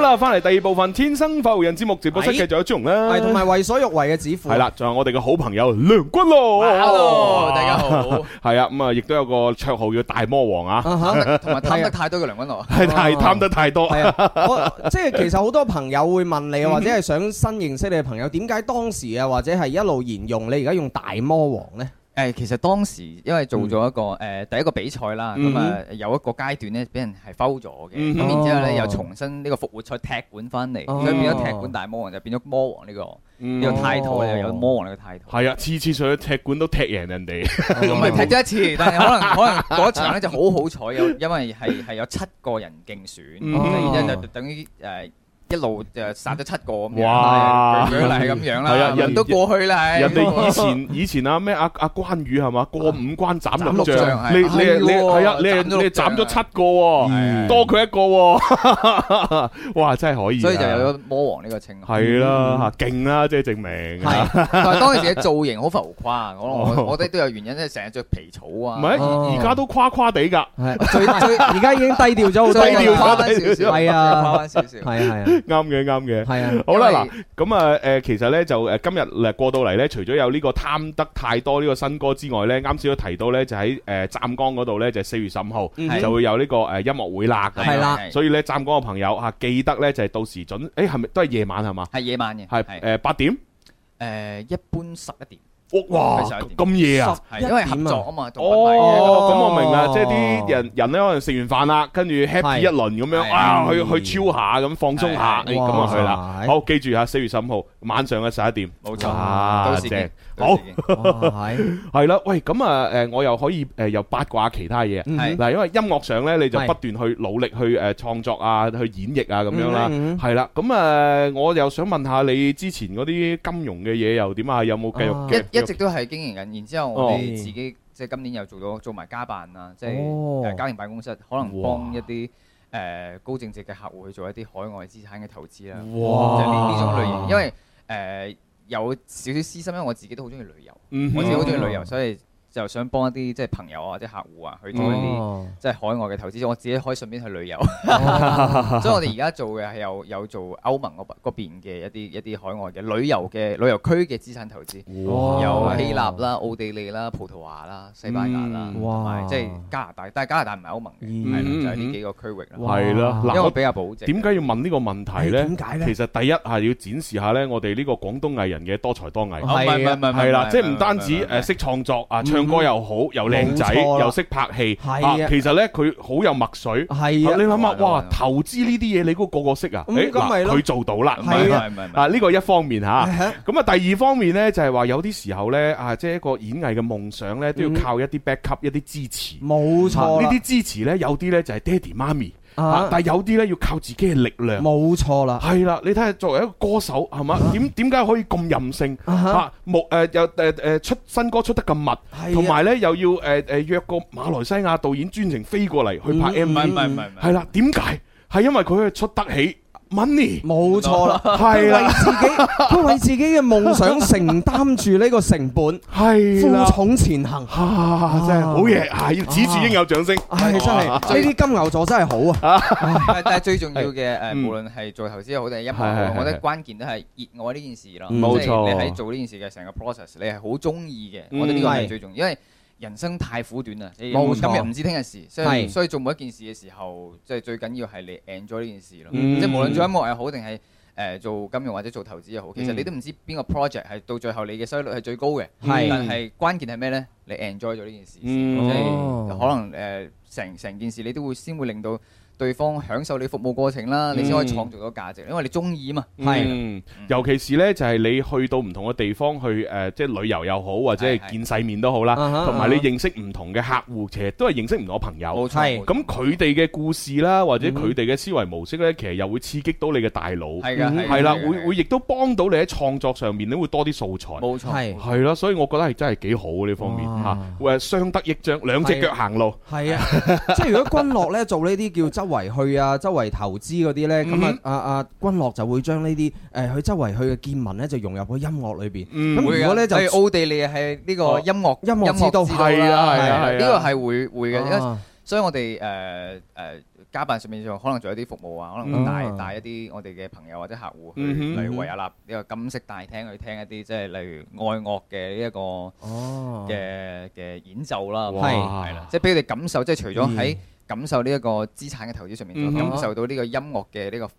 A: 好啦，翻嚟第二部分《天生發人》節目，直播室繼續有朱紅啦，係同埋為所欲為嘅子虎，係啦，仲有我哋嘅好朋友梁
F: 君諾
B: Hello，
D: 大家
A: 好，係啊， 咁啊，亦都有個綽號叫大魔王啊，同埋貪得太多嘅
D: 梁君諾，係太貪
A: 得太多，係 啊，即係其實好多朋友會問你，或
B: 者係想新認識你嘅朋友，點解當時啊，或者係一路沿用你而家用大魔王咧？
D: 係，其實當時因為做咗一個誒第一個比賽啦，咁啊有一個階段咧，俾人係 fail 咗嘅，咁然之後咧又重新呢個復活賽踢館翻嚟，所以變咗踢館大魔王就變咗魔王呢個呢個態度又有魔
A: 王呢個態度。係啊，次次上去踢館都踢
D: 贏人哋，咁咪踢咗一次。但係可能可能嗰場咧就好好彩，有因為係係有七個人競選，咁啊，然之就等於誒。一路就殺咗七個，哇！咁嚟係咁樣啦，係啊，人都過去啦，人哋以前
A: 以前啊咩啊啊關羽係嘛過五關斬六將，你你你係啊你你
D: 斬咗七個，多佢一個，哇！真
A: 係可以。所以就有
D: 魔王呢個稱號！係啦，
A: 勁啦，即係證明。係，但係當時嘅造
D: 型好浮誇，我我我哋都有原因，即係成日着皮草啊。唔係，而家
A: 都誇誇地㗎。最最而家已經低調咗好多，低調少少，係啊，低少少，係啊係啊。啱嘅，啱嘅，係啊，好啦，嗱，咁啊，誒，其實咧，就誒，今日咧過到嚟咧，除咗有呢個貪得太多呢個新歌之外咧，啱先都提到咧，就喺誒湛江嗰度咧，就係四月十五號就會有呢個誒音樂會啦，咁係啦，所以咧湛江嘅朋友吓，記得咧就係到時準，誒，係咪都係夜晚係嘛？係夜晚嘅，係誒八點，
D: 誒一般十一點。哇，咁夜啊！因為合作啊嘛。哦，咁我明啦，即
A: 係啲人人咧，可能食完飯啦，跟住 happy 一輪咁樣，啊去去超下咁放鬆下，咁啊去啦。好，記住吓，四月十五號晚上嘅十一點。冇錯，多謝。
E: 好，
A: 係啦。喂，咁啊，誒，我又可以誒，又八卦其他嘢。嗱，因為音樂上咧，你就不斷去努力去誒創作啊，去演繹啊，咁樣啦。係啦，咁誒，我又想問下你之前嗰啲金融嘅嘢又點啊？有冇繼續嘅？一直
D: 都係經營緊，然後之後我哋自己、oh, okay. 即係今年又做咗做埋家辦啦，即係家庭辦公室，可能幫一啲誒哇、呃、高淨值嘅客戶去做一啲海外資產嘅投資啦。哇！就係呢種類型，因為誒、呃、有少少私心，因為我自己都好中意旅遊，mm hmm. 我自己好中意旅遊，mm hmm. 所以，就想幫一啲即係朋友啊，或者客戶啊，去做一啲即係海外嘅投資。我自己可以順便去旅遊，所以我哋而家做嘅係有有做歐盟嗰邊嘅一啲一啲海外嘅旅遊嘅旅遊區嘅資產投資，有希臘啦、奧地利啦、葡萄牙啦、西班牙啦，同埋即係加拿大。但係加拿大唔係歐盟嘅，就係呢幾個區域啦。係啦，嗱，我比較保值。點解
A: 要問呢個問題咧？點解咧？其實第一係要展示下咧，我哋呢個廣東藝人嘅多才多藝。係係係啦，即係唔單止誒識創作啊，唱歌又好，又靚仔，又識拍戲。係啊，其實咧佢好有墨水。係啊，你諗下，哇！投資呢啲嘢，你估個個識啊？咁咪佢做到啦。係咪？啊，呢個一方面吓。咁啊，第二方面咧就係話，有啲時候咧啊，即係一個演藝嘅夢想咧，都要靠一啲 backup，一啲支持。冇錯。呢啲支持咧，有啲咧就係爹哋媽咪。啊！但係有啲咧要靠自己嘅力量，冇錯啦，係啦。你睇下作為一個歌手係嘛？點點解可以咁任性啊？木，誒又誒誒出新歌出得咁密，同埋咧又要誒誒約個馬來西亞導演專程飛過嚟去拍 MV，唔係唔係唔係，係啦。點解係因為佢係出得起。money 冇錯啦，係啦，自
B: 己，佢為自己嘅夢想承擔住呢個成本，係負重前行，啊，真係好嘢，係此處
D: 應有掌聲，係真係呢啲
A: 金牛座
B: 真係好
D: 啊，但係最重要嘅，誒，無論係做投資又好定係音樂，我覺得關鍵都係熱愛呢件事咯，冇錯，你喺做呢件事嘅成個 process，你係好中意嘅，我覺得呢個係最重要，因為，人生太苦短啦，錯今日唔知聽日事，所以是所以做每一件事嘅時候，即、就、係、是、最緊要係你 enjoy 呢件事咯。嗯、即係無論做音樂又好定係誒做金融或者做投資又好，嗯、其實你都唔知邊個 project 係到最後你嘅收益率係最高嘅，嗯、但係關鍵係咩呢？你 enjoy 咗呢件事，嗯、即係可能誒成成件事你都會先會令到，對方享受你服務過程啦，你先可以創造到價值，因為你中意嘛。係，
A: 尤其是呢，就係你去到唔同嘅地方去誒，即係旅遊又好，或者係見世面都好啦，同埋你認識唔同嘅客戶，其實都係認識唔同嘅朋友。冇錯。咁佢哋嘅故事啦，或者佢哋嘅思維模式呢，其實又會刺激到你嘅大腦。係啦，會會亦都幫到你喺創作上面，你會多啲素材。冇錯。係。係所以我覺得係真係幾好呢方面嚇，誒相得益彰，兩隻腳行路。
B: 係啊，即係如果君諾呢，做呢啲叫周。周圍去啊，周圍投資嗰啲咧，咁啊，阿阿君樂就會將呢啲誒，佢周圍去嘅見聞咧，就融入個音樂裏邊。嗯，會嘅。就係奧
D: 地利係呢個音樂音樂之都係啊，係啊，係啊，呢個係會會嘅。所以，我哋誒誒，嘉賓上面就可能仲有啲服務啊，可能帶帶一啲我哋嘅朋友或者客戶去維也納呢個金色大廳去聽一啲即係例如愛樂嘅呢一個嘅嘅演奏啦。係係啦，即係俾佢哋感受。即係除咗喺感受呢一個資產嘅投資上面，感受到呢個音樂嘅呢、呢個呢、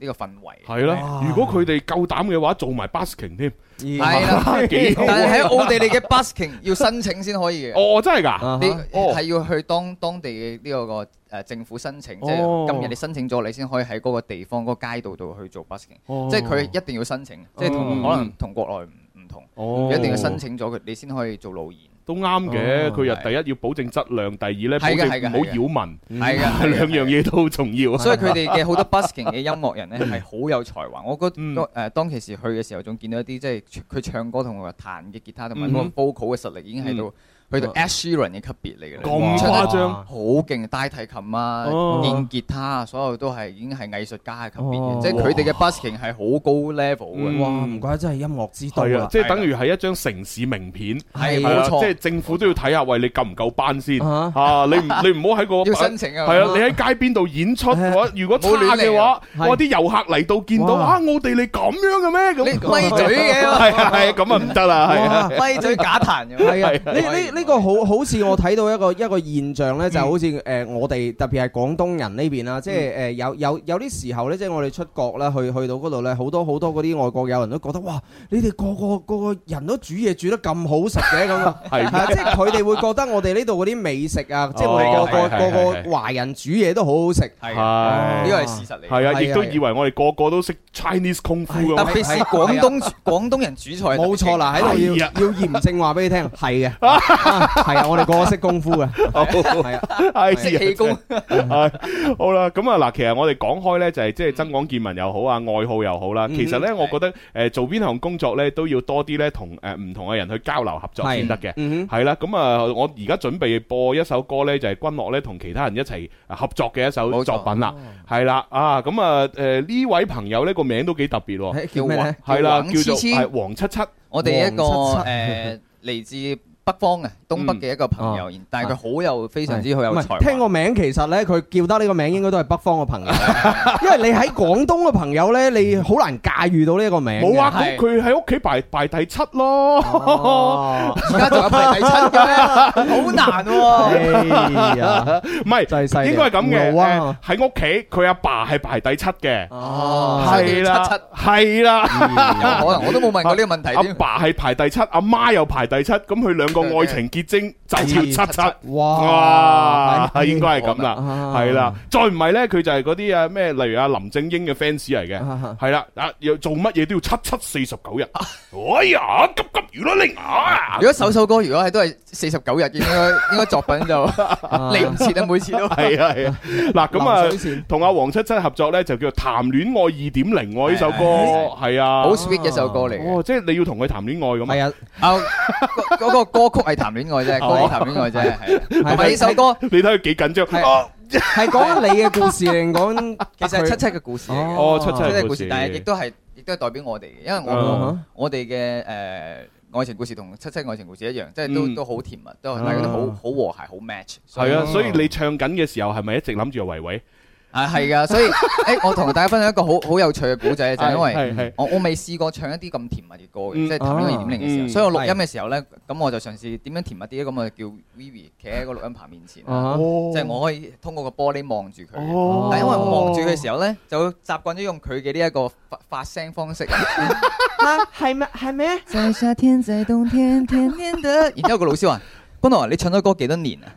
D: 呢個氛圍。係啦、嗯哼，吧如果佢哋夠膽嘅話，做埋 busking 添。係啦、啊，但係喺奧地利嘅 busking 要申請先可以嘅。哦，真係㗎，係要去當當地嘅呢個個誒政府申請。哦、即係今日你申請咗，你先可以喺嗰個地方嗰、嗰個街道度去做 busking 即係佢一定要申請，嗯、即係同可能同國內唔同，嗯嗯、一定要申請咗佢，你先可以做露營。都啱嘅，佢又、哦、
A: 第一要保證質量，第二咧保證唔好擾民，係啊，兩樣
F: 嘢都好
D: 重
A: 要。啊。所以佢哋嘅好
D: 多 busking 嘅音樂人咧係好有才華。我覺得誒、嗯呃、當其時去嘅時候，仲見到一啲即係佢唱歌同埋彈嘅吉他，同埋嗰個 vocal 嘅實力已經喺度。嗯佢哋 Ed Sheeran 嘅級別嚟嘅，咁誇張，好勁，大提琴啊，電吉他，啊，所有都係已經係藝術家嘅級別嘅，即係佢哋嘅 busking 係好高 level 嘅。哇，唔怪得真係音樂之都啊！即係等
A: 於係一張城市名片，係冇錯。即係政府都要睇下喂，你夠唔夠班先嚇，你唔你唔好喺個，要申請啊，係啊，你喺街邊度演出如果差嘅話，哇啲遊客嚟到見到啊，我哋你咁樣嘅咩咁？閉嘴嘅係啊係啊，咁啊唔得啊係啊，閉嘴假彈嘅係啊，你你
B: 你。呢個好好似我睇到一個一個現象咧，就好似誒我哋特別係廣東人呢邊啦，即係誒有有有啲時候咧，即係我哋出國啦，去去到嗰度咧，好多好多嗰啲外國友人都覺得哇，你哋個個個個人都煮嘢煮得咁好食嘅咁啊，係，即係佢哋會覺得我哋呢度嗰啲美食啊，即係我哋個個個個華人煮嘢都好好
D: 食，係，呢個係事實嚟，係啊，亦都以為
A: 我哋個個都識 Chinese 功夫㗎，特別係廣東廣東人煮菜，冇錯啦，喺度要要嚴正話俾你聽，係嘅。
B: 係啊，我哋個個識功夫嘅，係啊，識氣功
A: 係好啦。咁啊，嗱，其實我哋講開咧，就係即係增廣見聞又好啊，愛好又好啦。其實咧，我覺得誒，做邊項工作咧，都要多啲咧，同誒唔同嘅人去交流合作先得嘅。係啦，咁啊，我而家準備播一首歌咧，就係君樂咧，同其他人一齊合作嘅一首作品啦。係啦，啊，咁啊，誒，呢位朋友咧，個名都幾特別喎，叫咩咧？係啦，叫做黃七七，
D: 我哋一個誒嚟自。北方嘅東北嘅一個朋友，但係佢好有非常之好有、才。唔係聽
B: 個名，其實咧佢叫得呢個名，應該都係北方嘅朋友。因為你喺廣東嘅朋友咧，你好難駕馭到呢個名。冇啊，佢
A: 喺屋企排排第七咯。而家仲有排第七嘅，好難。係啊，唔係應該係咁嘅。喺屋企，佢阿爸係排第七嘅。哦，係啦，係啦，
E: 有可能我都冇問過呢
A: 個問題。阿爸係排第七，阿媽又排第七，咁佢兩個愛情結晶就要七七
E: 哇，應該係咁啦，係啦，
A: 再唔係咧佢就係嗰啲啊咩，例如阿林正英嘅 fans 嚟嘅，係啦，啊要做乜嘢都要七七四十九日，哎呀急急如律
D: 令啊！如果首首歌如果係都係四十九日，應該應該作品就嚟唔切啦，每次都係啊係啊，嗱咁啊
A: 同阿黃七七合作咧就叫做談戀愛二點零喎，呢首歌係啊，好 sweet 嘅一首歌嚟，哇！即係你要同佢談戀愛咁啊，係啊，嗰個歌。歌曲係談戀愛啫，歌曲談戀愛啫，係。同埋呢首歌，你睇佢幾緊張，
B: 係講緊你嘅故事，嚟講其實係七七嘅故事？哦，七七嘅故事。但係亦都
D: 係，亦都係代表我哋嘅，因為我我哋嘅誒愛情故事同七七愛情故事一樣，即係都都好甜蜜，都係大家都好好和諧，好 match。係啊，所以你
A: 唱緊嘅時候，係咪一直諗住維維？
D: 啊，係噶，所以，誒、欸，我同大家分享一個好好有趣嘅古仔，就係、是、因為我，我我未試過唱一啲咁甜蜜嘅歌嘅， 嗯、即係談戀愛二點零嘅時候，所以我錄音嘅時候咧，咁、嗯、我就嘗試點樣甜蜜啲咧，咁啊、嗯、叫 Vivi 企喺個錄音棚面前，即係、啊、我可以通過個玻璃望住佢，哦、但係因為我望住佢嘅時候咧，就會習慣咗用佢嘅呢一個發發聲方式，
C: 係咪係咩？在夏天，在冬天，甜甜的。
D: 然後個老師話。君諾啊，你唱咗歌幾多年啊？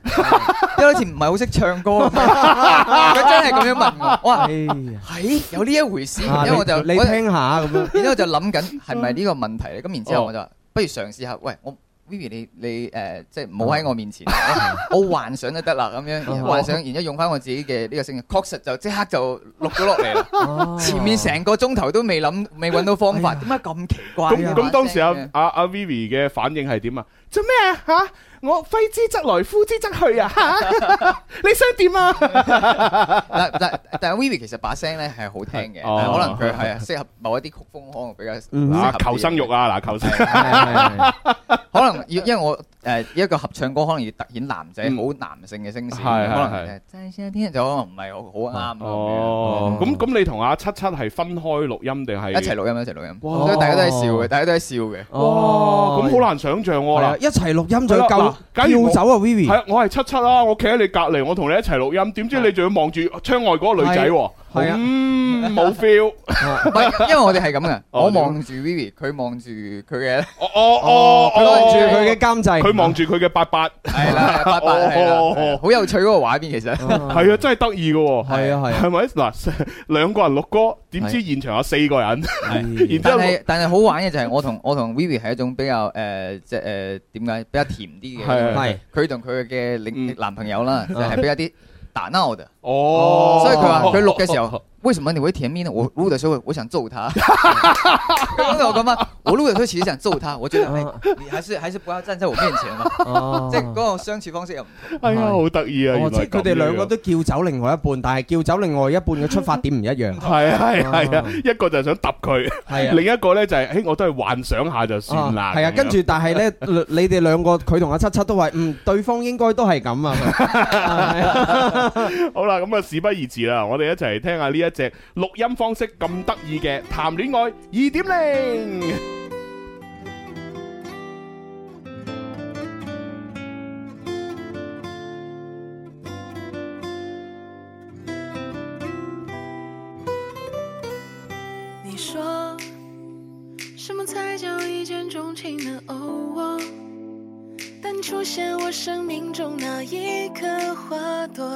D: 一開始唔係好識唱歌，佢真係咁樣問我。哇，係有呢一回事。你聽下咁樣，然之後就諗緊係咪呢個問題咧？咁然之後我就話，不如嘗試下。喂，我 Vivi，你你誒，即係唔好喺我面前，我幻想就得啦。咁樣幻想，然之後用翻我自己嘅呢個聲音，確實就即刻就錄咗落嚟啦。前面成個鐘頭都未諗，未揾到方法，點解咁奇怪啊？咁咁當時阿
A: 阿阿 Vivi 嘅反應係點啊？
D: 做咩啊？吓！
A: 我揮之則來，呼之則去啊！你想點啊？
D: 嗱，但係 Vivi 其實把聲咧係好聽嘅，可能佢係啊適合某一啲曲風，可能比較求生欲啊！嗱，求生可能要，因為我誒一個合唱歌，可能要突顯男仔冇男性嘅聲線，可能係即係先啲人就可能唔係好
A: 好啱。哦，咁咁你同阿七七係分開錄音定係一齊錄音？一齊錄音？所以大家都係笑嘅，大家都係笑嘅。哇！咁好難想像喎，一齊錄音就夠。梗要走啊，Vivi！係啊，我係七七啦，我企喺你隔籬，我同你一齊錄音，點知你仲要望住窗外嗰個女仔喎。係啊，冇 feel。因為我哋係咁嘅，我望
D: 住 Vivi，佢望住佢嘅，哦哦哦，佢望住佢嘅監製，佢望住佢嘅八八，係啦，八八，好有趣嗰個畫面，其實係啊，真係得意㗎，
A: 係啊係，係咪嗱？兩個人錄歌，點知現場有四個人？係，但係
D: 但係好玩嘅就係我同我同 Vivi 係一種比較誒即係誒點解比較甜啲嘅？係，佢同佢嘅靚男朋友啦，係比較啲。打鬧的，oh. 所以佢話佢錄嘅時候。Oh, oh, oh, oh. 為什麼你會甜蜜呢？我錄的時候我想揍他，咁樣咁嘛？我錄嘅時候其實想揍他，我覺得你還是還是不要站在我面前啦，即係嗰個相處方式又，哎呀好得意啊！原來佢哋兩個
B: 都叫走另外一半，但係叫走另外一半嘅出發點唔一樣，係啊係啊係啊，
A: 一個就係想揼佢，係啊另一個咧就係，哎我都係幻想下就算啦，係啊，跟住
B: 但係咧你哋兩個佢同阿七七都話，嗯，對方應該都係咁啊，
A: 係啊，好啦，咁啊事不宜遲啦，我哋一齊聽下呢一。只錄音方式咁得意嘅談戀愛二點零。
C: 你說什麼才叫一見鐘情呢、啊？哦、oh, oh.，但出現我生命中那一顆花朵。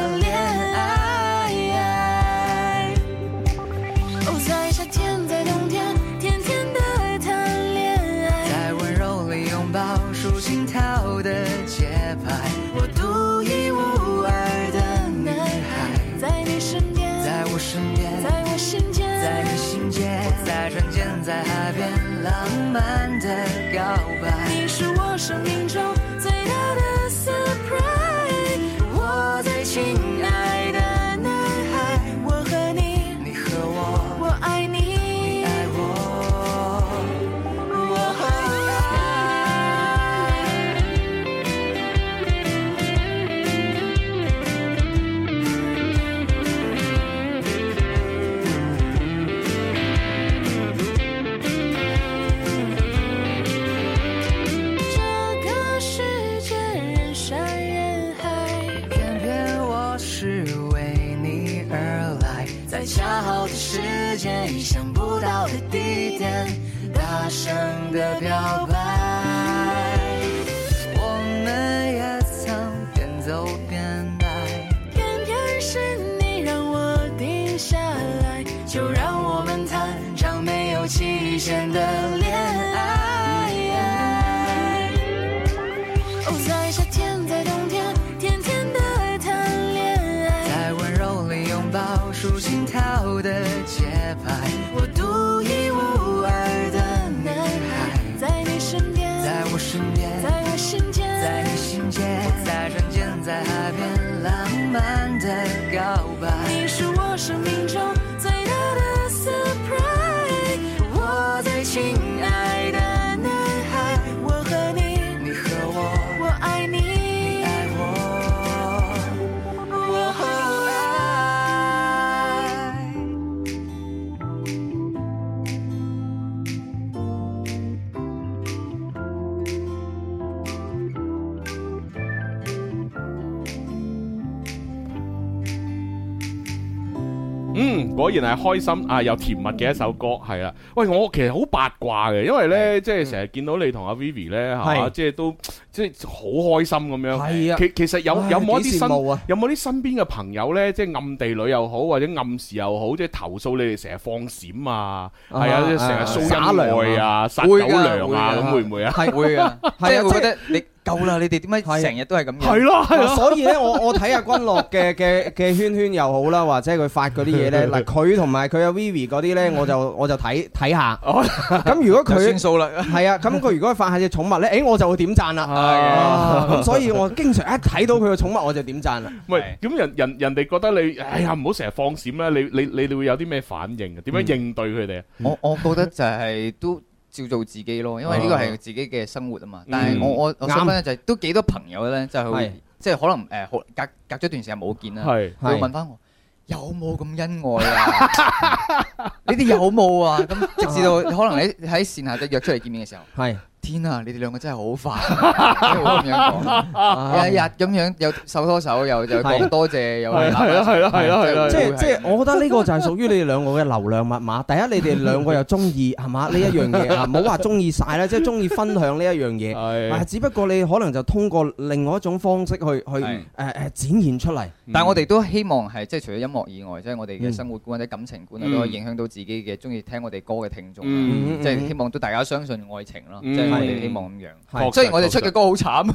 A: 依然係開心啊，又甜蜜嘅一首歌係啦。喂，我其實好八卦嘅，因為咧即係成日見到你同阿 Vivi 咧，係嘛，即係都即係好開心咁樣。係啊，其其實有有冇一啲身有冇啲身邊嘅朋友咧，即係暗地裏又好或者暗示又好，即係投訴你哋成日放閃啊，係啊，即成日蘇恩愛啊，殺狗糧啊，會唔會啊？係會噶，啊，我覺得
D: 你。夠啦！你哋點解成日都係咁樣？係啦，係啦。所
B: 以咧，我我睇阿君諾嘅嘅嘅圈圈又好啦，或者佢發嗰啲嘢咧，嗱佢同埋佢阿 Vivi 嗰啲咧，我就我就睇睇下。咁如果佢係啊，咁佢如果發下隻寵物咧，誒，我就會點贊啦。咁所以我經常一睇到佢嘅寵物，我
A: 就點贊啦。唔係咁人人人哋覺得你，哎呀，唔好成日放閃
D: 啦！你你你你會有啲咩反應啊？點樣應對佢哋？我我覺得就係都照做自己咯，因為呢個係自己嘅生活啊嘛。嗯、但係我我我想講咧，就、嗯、都幾多朋友咧，就係、是、是即係可能誒、呃，隔隔咗段時間冇見啦，佢是問翻我有冇咁恩愛啊？呢啲 有冇啊？咁直至到可能喺喺線下就約出嚟見面嘅時候。天啊！你哋兩個真係好快，咁樣講，日日咁樣又手拖手，又又講多謝，又係係啦係啦係啦，即係即係，
E: 我
B: 覺得呢個就係屬於你哋兩個嘅流量密碼。第一，你哋兩個又中意，係嘛，呢一樣嘢，唔好話中意曬啦，即係中意分享呢一
D: 樣嘢。係，只
B: 不過你可能就通過另外一種
D: 方式去去
B: 誒誒展現出嚟。但係我哋
D: 都希望係即係除咗音樂以外，即係我哋嘅生活觀或者感情觀啊，都可以影響到自己嘅中意聽我哋歌嘅聽眾。嗯，即係希望都大家相信愛情咯。嗯。我哋希望咁樣，雖然我哋出嘅歌好慘，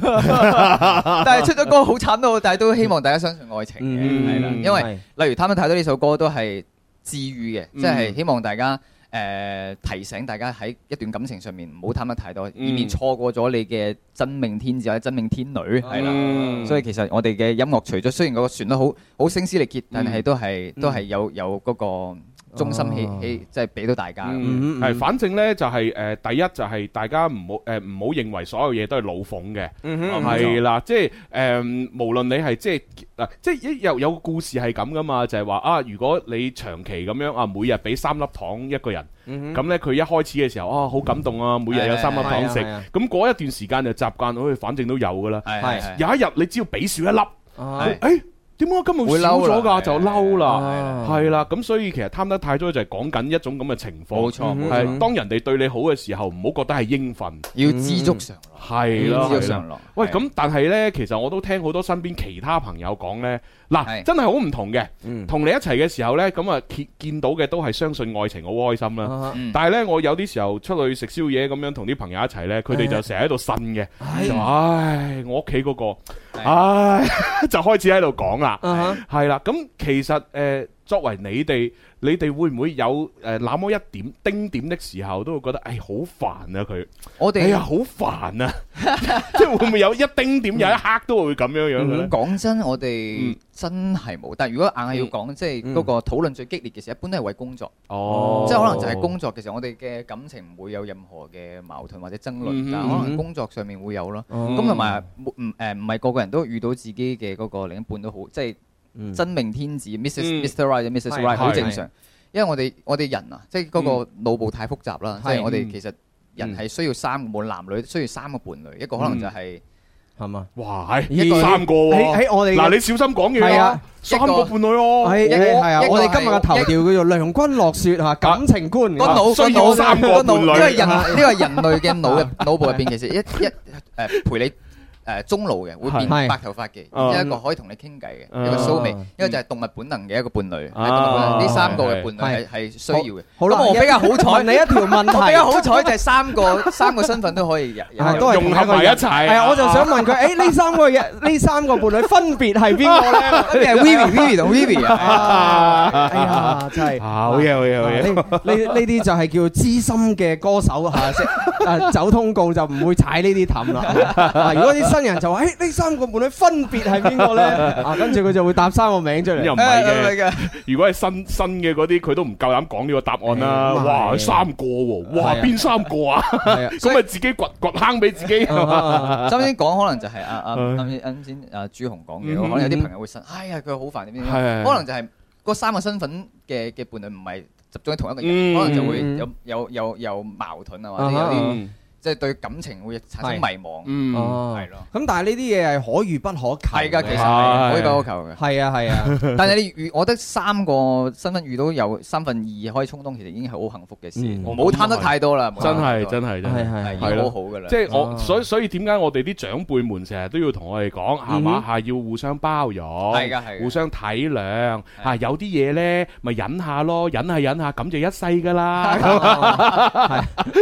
D: 但係出咗歌好慘都，但係都希望大家相信愛情嘅係啦。因為例如貪得太多呢首歌都係治愈嘅，即係希望大家誒提醒大家喺一段感情上面唔好貪得太多，以免錯過咗你嘅真命天子或者真命天女係啦。所以其實我哋嘅音樂除咗雖然個旋律好好聲嘶力竭，但係都係都係有有嗰個。中心起起，即係俾到大家。係，反正呢，就係誒，
A: 第一就係大家唔好誒，唔好認為所有嘢都係老馮嘅，係啦。即係誒，無論你係即係嗱，即係一有有個故事係咁噶嘛，就係話啊，如果你長期咁樣啊，每日俾三粒糖一個人，咁呢，佢一開始嘅時候啊，好感動啊，每日有三粒糖食。咁過一段時間就習慣咗佢反正都有噶啦。係，有一日你只要俾少一粒，誒。點解我今日會嬲咗㗎？的就嬲啦，係啦，咁所以其實貪得太多就係講緊一種咁嘅情況，冇錯。係，當人哋對你好嘅時候，唔好覺得係應份，要知足常樂。嗯係咯，喂，咁但係呢，其實我都聽好多身邊其他朋友講呢，嗱的，真係好唔同嘅。嗯、同你一齊嘅時候呢，咁啊見到嘅都係相信愛情，好開心啦。嗯、但係呢，我有啲時候出去食宵夜咁樣，同啲朋友一齊呢，佢哋就成日喺度呻嘅，的就唉、哎，我屋企嗰個唉的、哎，就開始喺度講啦，係啦、嗯，咁其實誒。呃作為你哋，你哋會唔會有誒那麼一點丁點的時候，都會覺得誒好
D: 煩啊佢？我哋哎呀好煩啊，即係會唔會有一丁點有一刻都會咁樣樣咧？講真，我哋真係冇。但係如果硬係要講，即係嗰個討論最激烈嘅時候，一般都係為工作。哦，即係可能就係工作嘅時候，我哋嘅感情唔會有任何嘅矛盾或者爭論，但係可能工作上面會有咯。咁同埋唔誒，唔係個個人都遇到自己嘅嗰個另一半都好，即係。真命天子，Mrs. Mr. Right，Mrs. Right，好正常。因為我哋我哋人啊，即係嗰個腦部太複雜啦。即係我哋其實人係需要三個男女，需要三個伴侶，一個可能就係係嘛。哇，係三個喺我哋嗱，你小心講嘢啊！三個伴侶咯，係啊，我哋今
B: 日嘅頭條叫做《良君落雪》嚇，感情觀個腦需要三個伴侶，因為人因為人類嘅腦入，腦部入邊嘅先？
D: 一一誒陪你。誒中老嘅會變白頭髮嘅，一個可以同你傾偈嘅，一個 show 味，一個就係動物本能嘅一個伴侶。啊，呢三個嘅伴侶係係需要嘅。好啦，我比較好彩，你一條問題比較好彩就係三個三個身份都可以入入，都融合埋一齊。係啊，我就想問佢，誒呢三個嘅
B: 呢三個伴侶分別係邊個咧？分別係 Vivi、Vivi 同
A: Vivi 啊！哎呀，真係好嘢，好嘢，好嘢！呢
B: 呢啲就係叫資深嘅歌手嚇，即係走通告就唔會踩呢啲氹啦。嗱，如果啲新新人就話，誒，呢三個伴侶
A: 分別係邊個咧？啊，跟住
B: 佢就會答三個名出嚟。又唔係
A: 嘅，如果係新新嘅嗰啲，佢都唔夠膽講呢個答案啦。哇，三個喎，哇，邊三個啊？
D: 咁咪自己掘掘坑俾自己。啱先講，可能就係阿阿啱先阿朱紅講嘅，可能有啲朋友會話。哎呀，佢好煩，點可能就係嗰三個身份嘅嘅伴侶唔係集中喺同一個人，可能就會有有有有矛盾啊，或者有啲。即係對感情會產生迷茫，嗯，係咯。咁但係呢啲嘢係可遇不可求，係㗎，其實係可遇不可求嘅。係啊係啊，但係你遇，我覺得三個身份遇到有三分二可以衝動，其實已經係好幸福嘅事。唔好貪得太多啦，真係真係真係，係係係好好嘅啦。即係我，
A: 所以所以點解我哋啲長輩們成日都要同我哋講係嘛？係要互相包容，係㗎係，互相體諒。啊，有啲嘢咧咪忍下咯，忍下忍下，咁就一世㗎啦。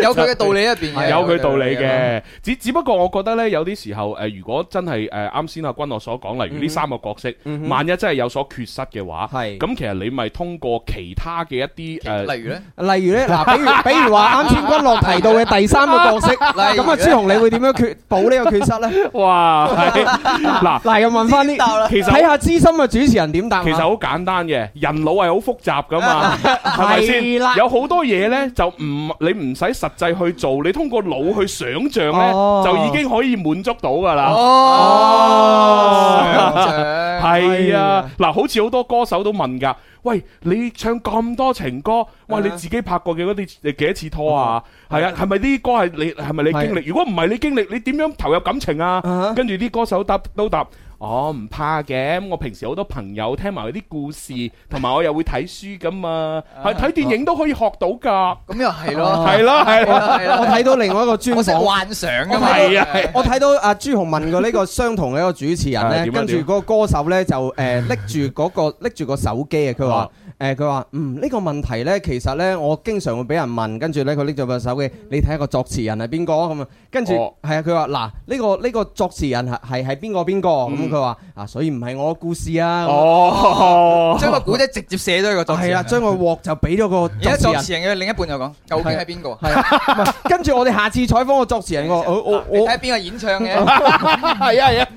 A: 有佢嘅道理入邊嘅。佢道理嘅，只只不過我覺得咧，有啲時候誒，如果真係誒啱先阿君諾所講，例如呢三個角色，萬一真係有所缺失嘅話，係咁，其實你咪通過其他嘅一啲誒，例如咧，
B: 例如咧，嗱，比如比如話啱先君諾提到嘅第三個角色，咁阿朱紅，你會點樣缺補呢個缺失咧？哇，嗱嗱，又問翻啲，其實睇下資
A: 深嘅主持人點答。其實好簡單嘅，人腦係好複雜噶嘛，係咪先？有好多嘢咧，就唔你唔使實際去做，你通過冇去想象呢，哦、就已經可以滿足到噶啦、哦。係、哦哦、啊，嗱，好似好多歌手都問噶，喂，你唱咁多情歌，喂，你自己拍過嘅嗰啲幾多次拖啊？係、嗯、啊，係咪呢啲歌係你係咪你經歷？啊、如果唔係你經歷，你點樣投入感情啊？跟住啲歌手答都答。都答我唔怕嘅，我平時好多朋友聽埋佢啲故事，同埋我又會睇書咁嘛。係睇電影都可以學到噶。咁又係咯，係咯係咯。我睇
B: 到另外一個朱，我成日幻
D: 想噶嘛。係啊，
B: 我睇到阿朱紅問過呢個相同嘅一個主持人咧，跟住嗰個歌手咧就誒拎住嗰個拎住個手機啊，佢話。誒，佢話嗯，呢個問題咧，其實咧我經常會俾人問，跟住咧佢拎咗部手機，你睇一個作詞人係邊個咁啊？跟住係啊，佢話嗱，呢個呢個作詞人係係係邊個邊個咁？佢話啊，所以唔係我故事啊，將個古仔
D: 直接寫咗個作詞。係啦，將
B: 個鑊就俾咗個而家作詞
D: 人嘅另一半就講，究竟係邊個？係
B: 跟住我哋下次採訪個作詞人，我我我睇邊個演
D: 唱
B: 嘅？係啊係啊，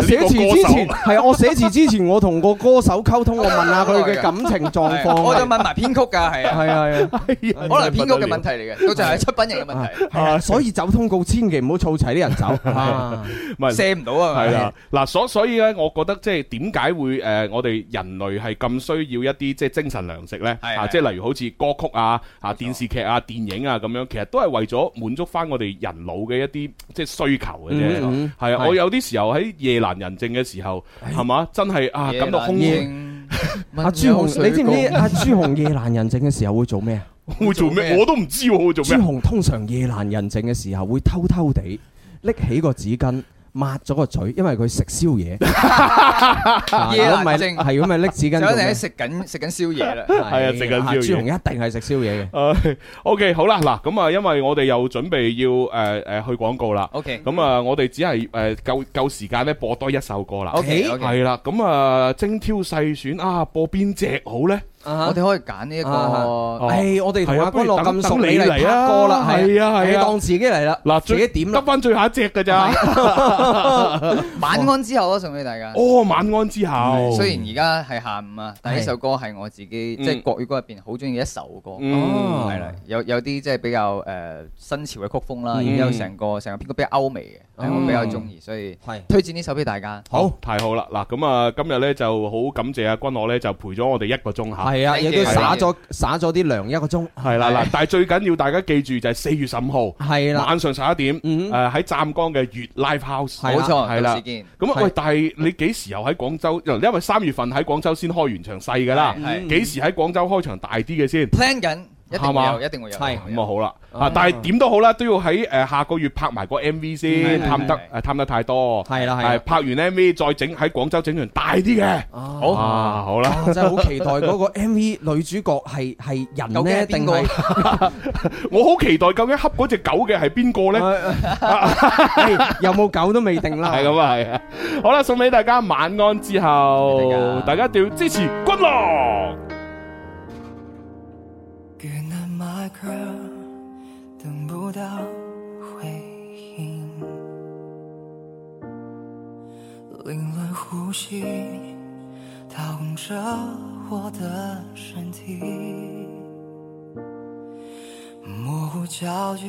B: 我寫詞之前係我寫詞之前，我同個歌手溝通，我問下佢嘅。感情狀況，我就問
D: 埋編曲㗎，係啊，係啊，可能編曲嘅問題嚟嘅，都就係出品人嘅
B: 問題。啊，所以走通告千祈唔好湊齊啲人走，射唔
D: 到啊。係啦，
A: 嗱，所所以咧，我覺得即係點解會誒，我哋人類係咁需要一啲即係精神糧食咧？係啊，即係例如好似歌曲啊、啊電視劇啊、電影啊咁樣，其實都係為咗滿足翻我哋人腦嘅一啲即係需求嘅啫。係啊，我有啲時候喺夜闌人靜嘅時候，係嘛，真係啊，感到空虛。
B: 阿、啊、朱紅，你知唔知阿、 啊、朱紅夜闌人靜嘅時候會做咩啊？會做咩？我都唔知喎，會
A: 做咩？朱紅通常
B: 夜闌人靜嘅時候會偷偷地拎起個紙巾。抹咗個嘴，因為佢食宵夜。
D: 咁咪係
B: 咁咪拎紙巾。佢喺食
D: 緊食緊宵夜啦。係啊，食緊宵。朱紅一
A: 定係食宵夜嘅。誒，OK，好啦，嗱，咁啊，因為我哋又準備要誒誒去廣告啦。OK，咁啊，我哋只係誒夠夠時間咧播多一首歌啦。OK，係啦，咁啊精挑細選啊，播邊隻好咧？
D: 我哋可以揀呢一個，誒，我哋同阿君樂咁熟，你嚟啊歌啦，係啊係啊，當自己嚟
A: 啦，嗱，自己點，得翻最後一隻嘅咋？
D: 晚安之後咯，送俾大家。哦，
A: 晚安之後。雖然
D: 而家係下午啊，但呢首歌係我自己即係國語歌入邊好中意嘅一首歌，係啦，有有啲即係比較誒新潮嘅曲風啦，有成個成個編曲比較歐美嘅，我比較中意，所以係推薦呢首俾大家。
A: 好，太好啦！嗱咁啊，今日咧就好感謝阿君樂咧，就陪咗我哋一個鐘吓。係啊，亦都撒咗
B: 撒咗啲涼一個鐘。係啦了，嗱了，
A: 但係最緊要大家記住就係四月十五號，係啦了，晚上十一點，誒喺湛江嘅月 live house，冇錯，係啦。咁啊，喂，但係你幾時又喺廣州？因為三月份喺廣州先開完場細噶啦，幾時喺廣州開場大啲嘅先？plan 緊。嗯一定會有，一定會有。係咁啊，好啦，啊，但係點都好啦，都要喺誒下個月拍埋個 M V 先，貪得誒貪得太多。係啦係，拍完 M V 再整喺廣州整完大啲嘅。好啊，好啦，真係好期待嗰個
B: M V 女主角係係人呢定係？
A: 我好期待究竟恰嗰隻狗嘅係邊個咧？有冇狗都未定啦。係咁啊，係啊。好啦，送俾大家晚安之後，大家一定要支持君諾。
C: 等不到回應，凌亂呼吸掏空着我的身體，模糊焦距，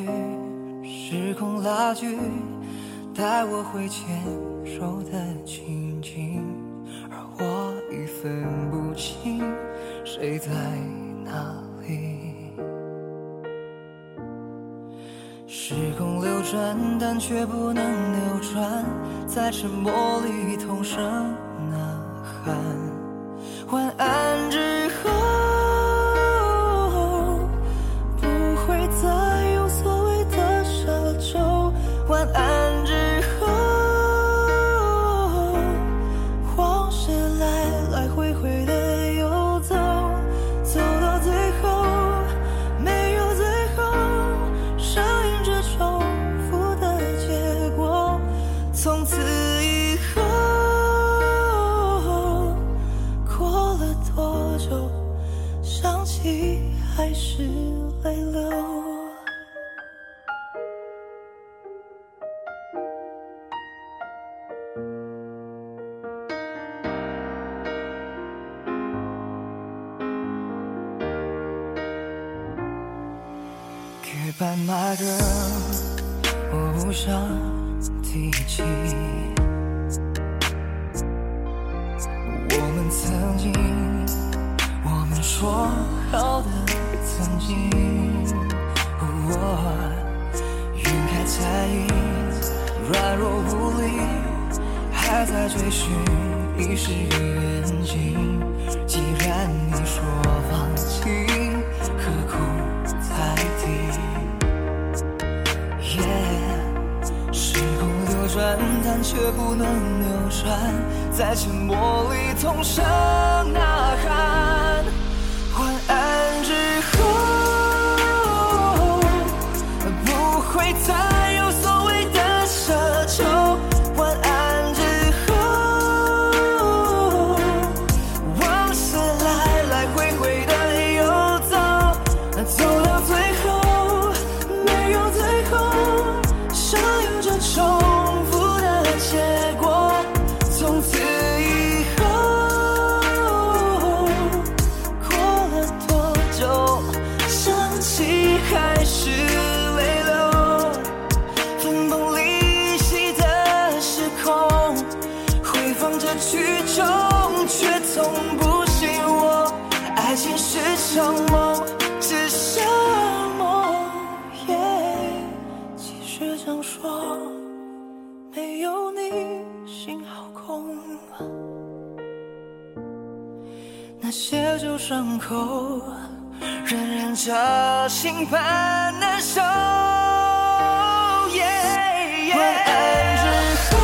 C: 時空拉鋸，帶我回牽手的情景，而我已分不清誰在。時空流轉，但卻不能流轉，在沉默裏痛聲吶喊，晚安。我不想提起，我們曾經，我們說好的曾經。我、哦、暈、哦、開猜疑，軟弱無力，還在追尋遺失的願景。既然你說放棄。卻不能流傳在沉默裏，痛聲吶喊。舊傷口，仍然扎心般難受。Yeah, yeah.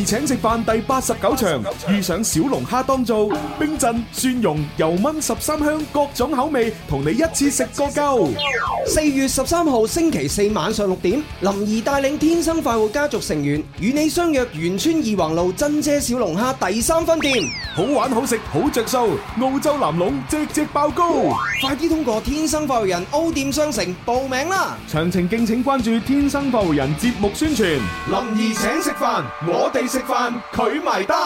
A: 而請食飯第八十九場，場遇上小龍蝦當造，冰鎮、蒜、蒜蓉、油炆十三香各種口味，同你一次食個
B: 夠。四月十三號星期四晚上六點，林兒帶領天生快活家族成員與你相約員村二橫路珍姐小龍蝦第三分店，好玩好食好着數，澳洲南龍隻隻爆高，哦、快啲通過天生快活人 O 店商城報名啦！
A: 詳情敬請關注天生快活人節目宣傳。林兒請食飯，我哋食飯，佢埋單。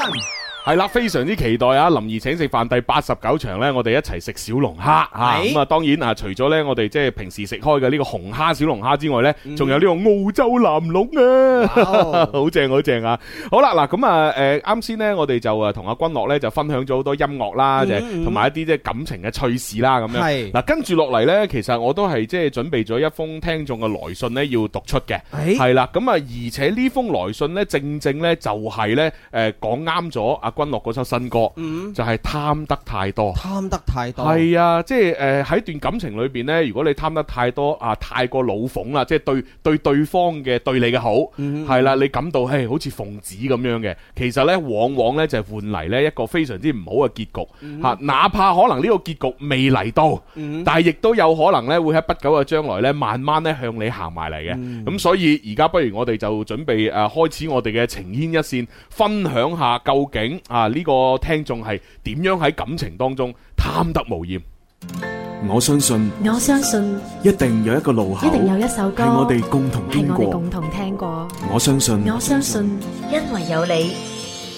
A: 係啦，非常之期待啊！林兒請食飯第八十九場咧，我哋一齊食小龍蝦啊！咁、嗯、啊，當然啊，除咗咧，我哋即係平時食開嘅呢個紅蝦小龍蝦之外咧，仲、嗯、有呢個澳洲藍龍啊，啊哦、 好正好正啊！好啦，嗱咁啊，誒、呃，啱先咧，我哋就誒同阿君諾咧就分享咗好多音樂啦，就同埋一啲即係感情嘅趣事啦，咁樣。係嗱是、啊，跟住落嚟咧，其實我都係即係準備咗一封聽眾嘅來信咧，要讀出嘅。係係啦，咁啊，而且呢封來信咧、呃呃呃，正正咧就係咧，誒的，講啱咗啊。君諾嗰首新歌、嗯、就係、是、貪得太多，貪
B: 得太多係
A: 啊！即係誒喺段感情裏邊呢，如果你貪得太多啊，太過老奉啦，即係對對對方嘅、對你嘅好係啦、嗯哼啊，你感到誒好似奉旨咁樣嘅，其實呢往往呢就係換嚟呢一個非常之唔好嘅結局吓、嗯哼啊，哪怕可能呢個結局未嚟到，嗯、哼但係亦都有可能呢會喺不久嘅將來呢慢慢呢向你行埋嚟嘅。咁、嗯嗯、所以而家不如我哋就準備誒開始我哋嘅情牽一線，分享下究竟，啊！呢個聽眾係點樣喺感情當中貪得無厭？我相信，我相信一定有一個路口，一定有
F: 一首歌係我哋
A: 共同經過，共同聽過，我
F: 相信，我相信因為有你，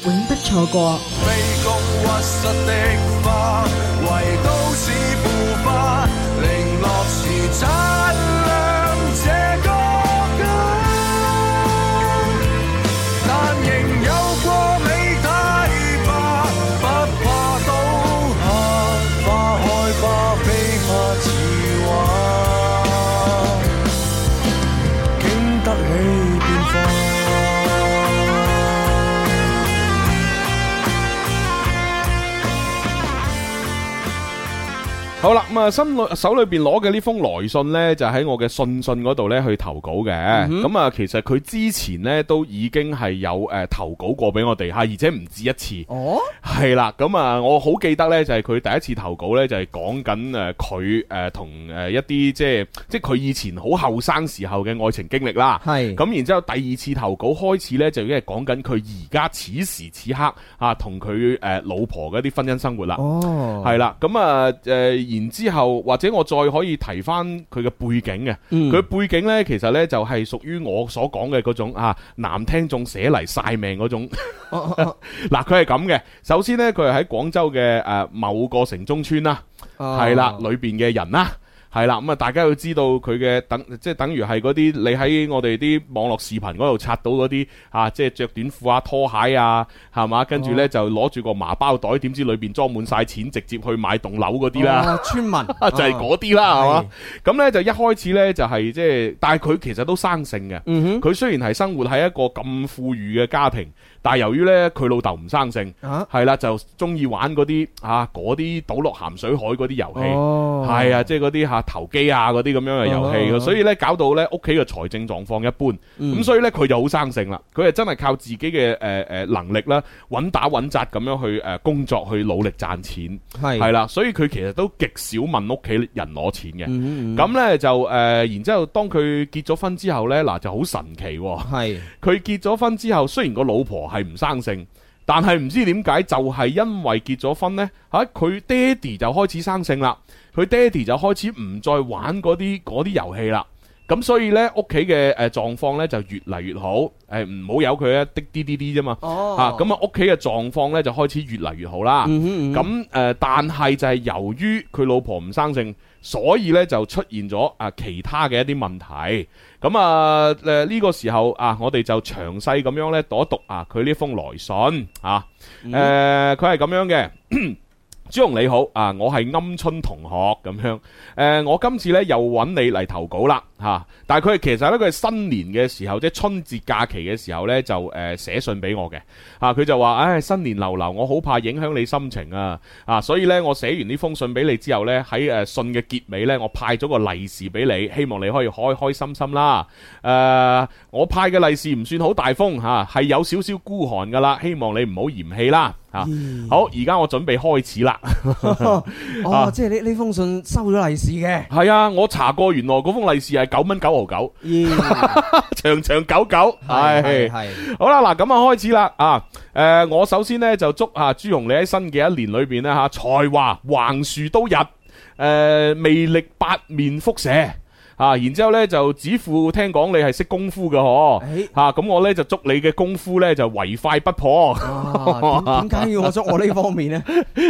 F: 永不錯
C: 過。
A: 好啦，咁啊，心裏手裏邊攞嘅呢封來信咧，就喺我嘅信信嗰度咧去投稿嘅。咁啊，其實佢之前咧都已經係有誒投稿過俾我哋吓，而且唔止一次。哦，係啦，咁啊，我好記得咧，就係佢第一次投稿咧，就係講緊誒佢誒同誒一啲即係即係佢以前好後生時候嘅愛情經歷啦。係，咁然之後第二次投稿開始咧，就已經係講緊佢而家此時此刻啊，同佢誒老婆嘅一啲婚姻生活啦。哦，係啦，咁啊誒。然之後，或者我再可以提翻佢嘅背景嘅，佢、嗯、背景呢，其實呢就係屬於我所講嘅嗰種啊男聽眾寫嚟晒命嗰種。嗱、啊，佢係咁嘅，首先呢，佢係喺廣州嘅誒、呃、某個城中村、啊、啦，係啦、啊，裏邊嘅人啦。係啦，咁啊，大家要知道佢嘅等，即係等於係嗰啲你喺我哋啲網絡視頻嗰度刷到嗰啲啊，即係着短褲啊、拖鞋啊，係嘛，跟住呢、哦、就攞住個麻包袋，點知裏邊裝滿晒錢，直接去買棟樓嗰啲啦。
B: 村民啊， 就係嗰啲啦，係嘛。
A: 咁呢就一開始呢，就係即係，但係佢其實都生性嘅。佢、嗯、哼雖然係生活喺一個咁富裕嘅家庭。但係由於咧，佢老豆唔生性，係啦、啊，就中意玩嗰啲嚇啲倒落鹹水海嗰啲遊戲，係、哦、啊，即係嗰啲嚇投機啊嗰啲咁樣嘅遊戲，哦、所以咧搞到咧屋企嘅財政狀況一般。咁、嗯嗯、所以咧佢就好生性啦，佢係真係靠自己嘅誒誒能力啦，穩打穩紮咁樣去誒工作，去努力賺錢係係啦。所以佢其實都極少問屋企人攞錢嘅。咁咧、嗯嗯嗯、就誒、呃，然之後當佢結咗婚之後咧，嗱就好神奇喎。佢 結咗婚之後，雖然個老婆係。係唔生性，但係唔知點解就係、是、因為結咗婚咧，吓佢爹哋就開始生性啦，佢爹哋就開始唔再玩嗰啲嗰啲遊戲啦。咁所以呢，屋企嘅誒狀況呢就越嚟越好，誒唔好有佢一滴啲啲啲啫嘛，吓咁、哦、啊屋企嘅狀況呢，就開始越嚟越好啦。咁誒、嗯嗯，但係就係由於佢老婆唔生性，所以呢就出現咗啊其他嘅一啲問題。咁啊誒呢、呃呃這個時候啊，我哋就詳細咁樣呢，讀一讀啊佢呢封來信啊。誒、呃，佢係咁樣嘅，朱雄 你好啊，我係庵春同學咁樣。誒、啊，我今次呢又揾你嚟投稿啦。啊。吓，但係佢係其實咧，佢係新年嘅時候，即係春節假期嘅時候咧，就誒寫信俾我嘅。吓，佢就話，唉，新年流流，我好怕影響你心情啊。啊，所以咧，我寫完呢封信俾你之後咧，喺誒信嘅結尾咧，我派咗個利是俾你，希望你可以開開心心啦。誒、呃，我派嘅利是唔算好大封吓，係有少少孤寒噶啦，希望你唔好嫌棄啦。吓、嗯，好，而家我準備開始啦。
B: 哦，即係呢呢封信收咗利是嘅。
A: 係啊，我查過，原來嗰封利是係。九蚊九毫九，長長久久，係係 好啦，嗱咁啊開始啦啊，誒，我首先咧就祝啊朱紅你喺新嘅一年裏邊咧吓才華橫樹都入，誒、啊，魅力八面輻射。啊，然之後咧就指負，聽講你係識功夫嘅嗬，吓咁、哎啊、我咧就祝你嘅功夫咧就唯快不破。點解、啊、要我祝我呢方面
E: 咧？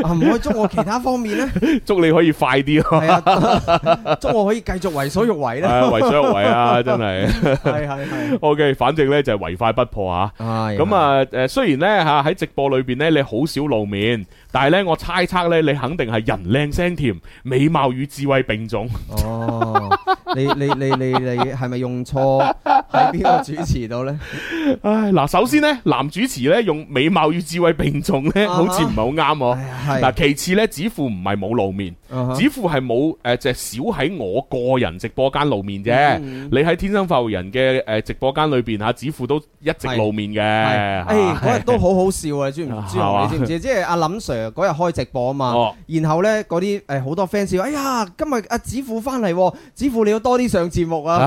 B: 唔、 啊、可以祝我其他方面咧？
A: 祝你可以快啲咯、啊 啊。祝
B: 我可以繼續為所欲為咧、啊。為所欲為啊，真係。
A: 係係係。OK，反正咧就係唯快不破吓。係。咁啊誒，雖然咧吓喺直播裏邊咧你好少露面，但係咧我猜測咧你肯定係人靚聲甜，美貌與智慧並重。 哦。 你你你你你係咪用錯喺邊個主持度呢？ 唉，嗱，首先呢，男主持呢，用美貌與智慧並重呢，好似唔係好啱我。嗱，uh-huh. 其次呢，似乎唔係冇露面。子富係冇誒，就少喺我個人直播間露面啫。你喺天生發育人嘅誒直播間裏邊吓，子富都一直露面嘅。係嗰日
B: 都好好笑啊！朱唔朱雄你知唔知？即係阿林 Sir 嗰日開直播啊嘛，然後咧嗰啲誒好多 fans 話：哎呀，今日阿子富翻嚟，子富你要多啲上節目啊！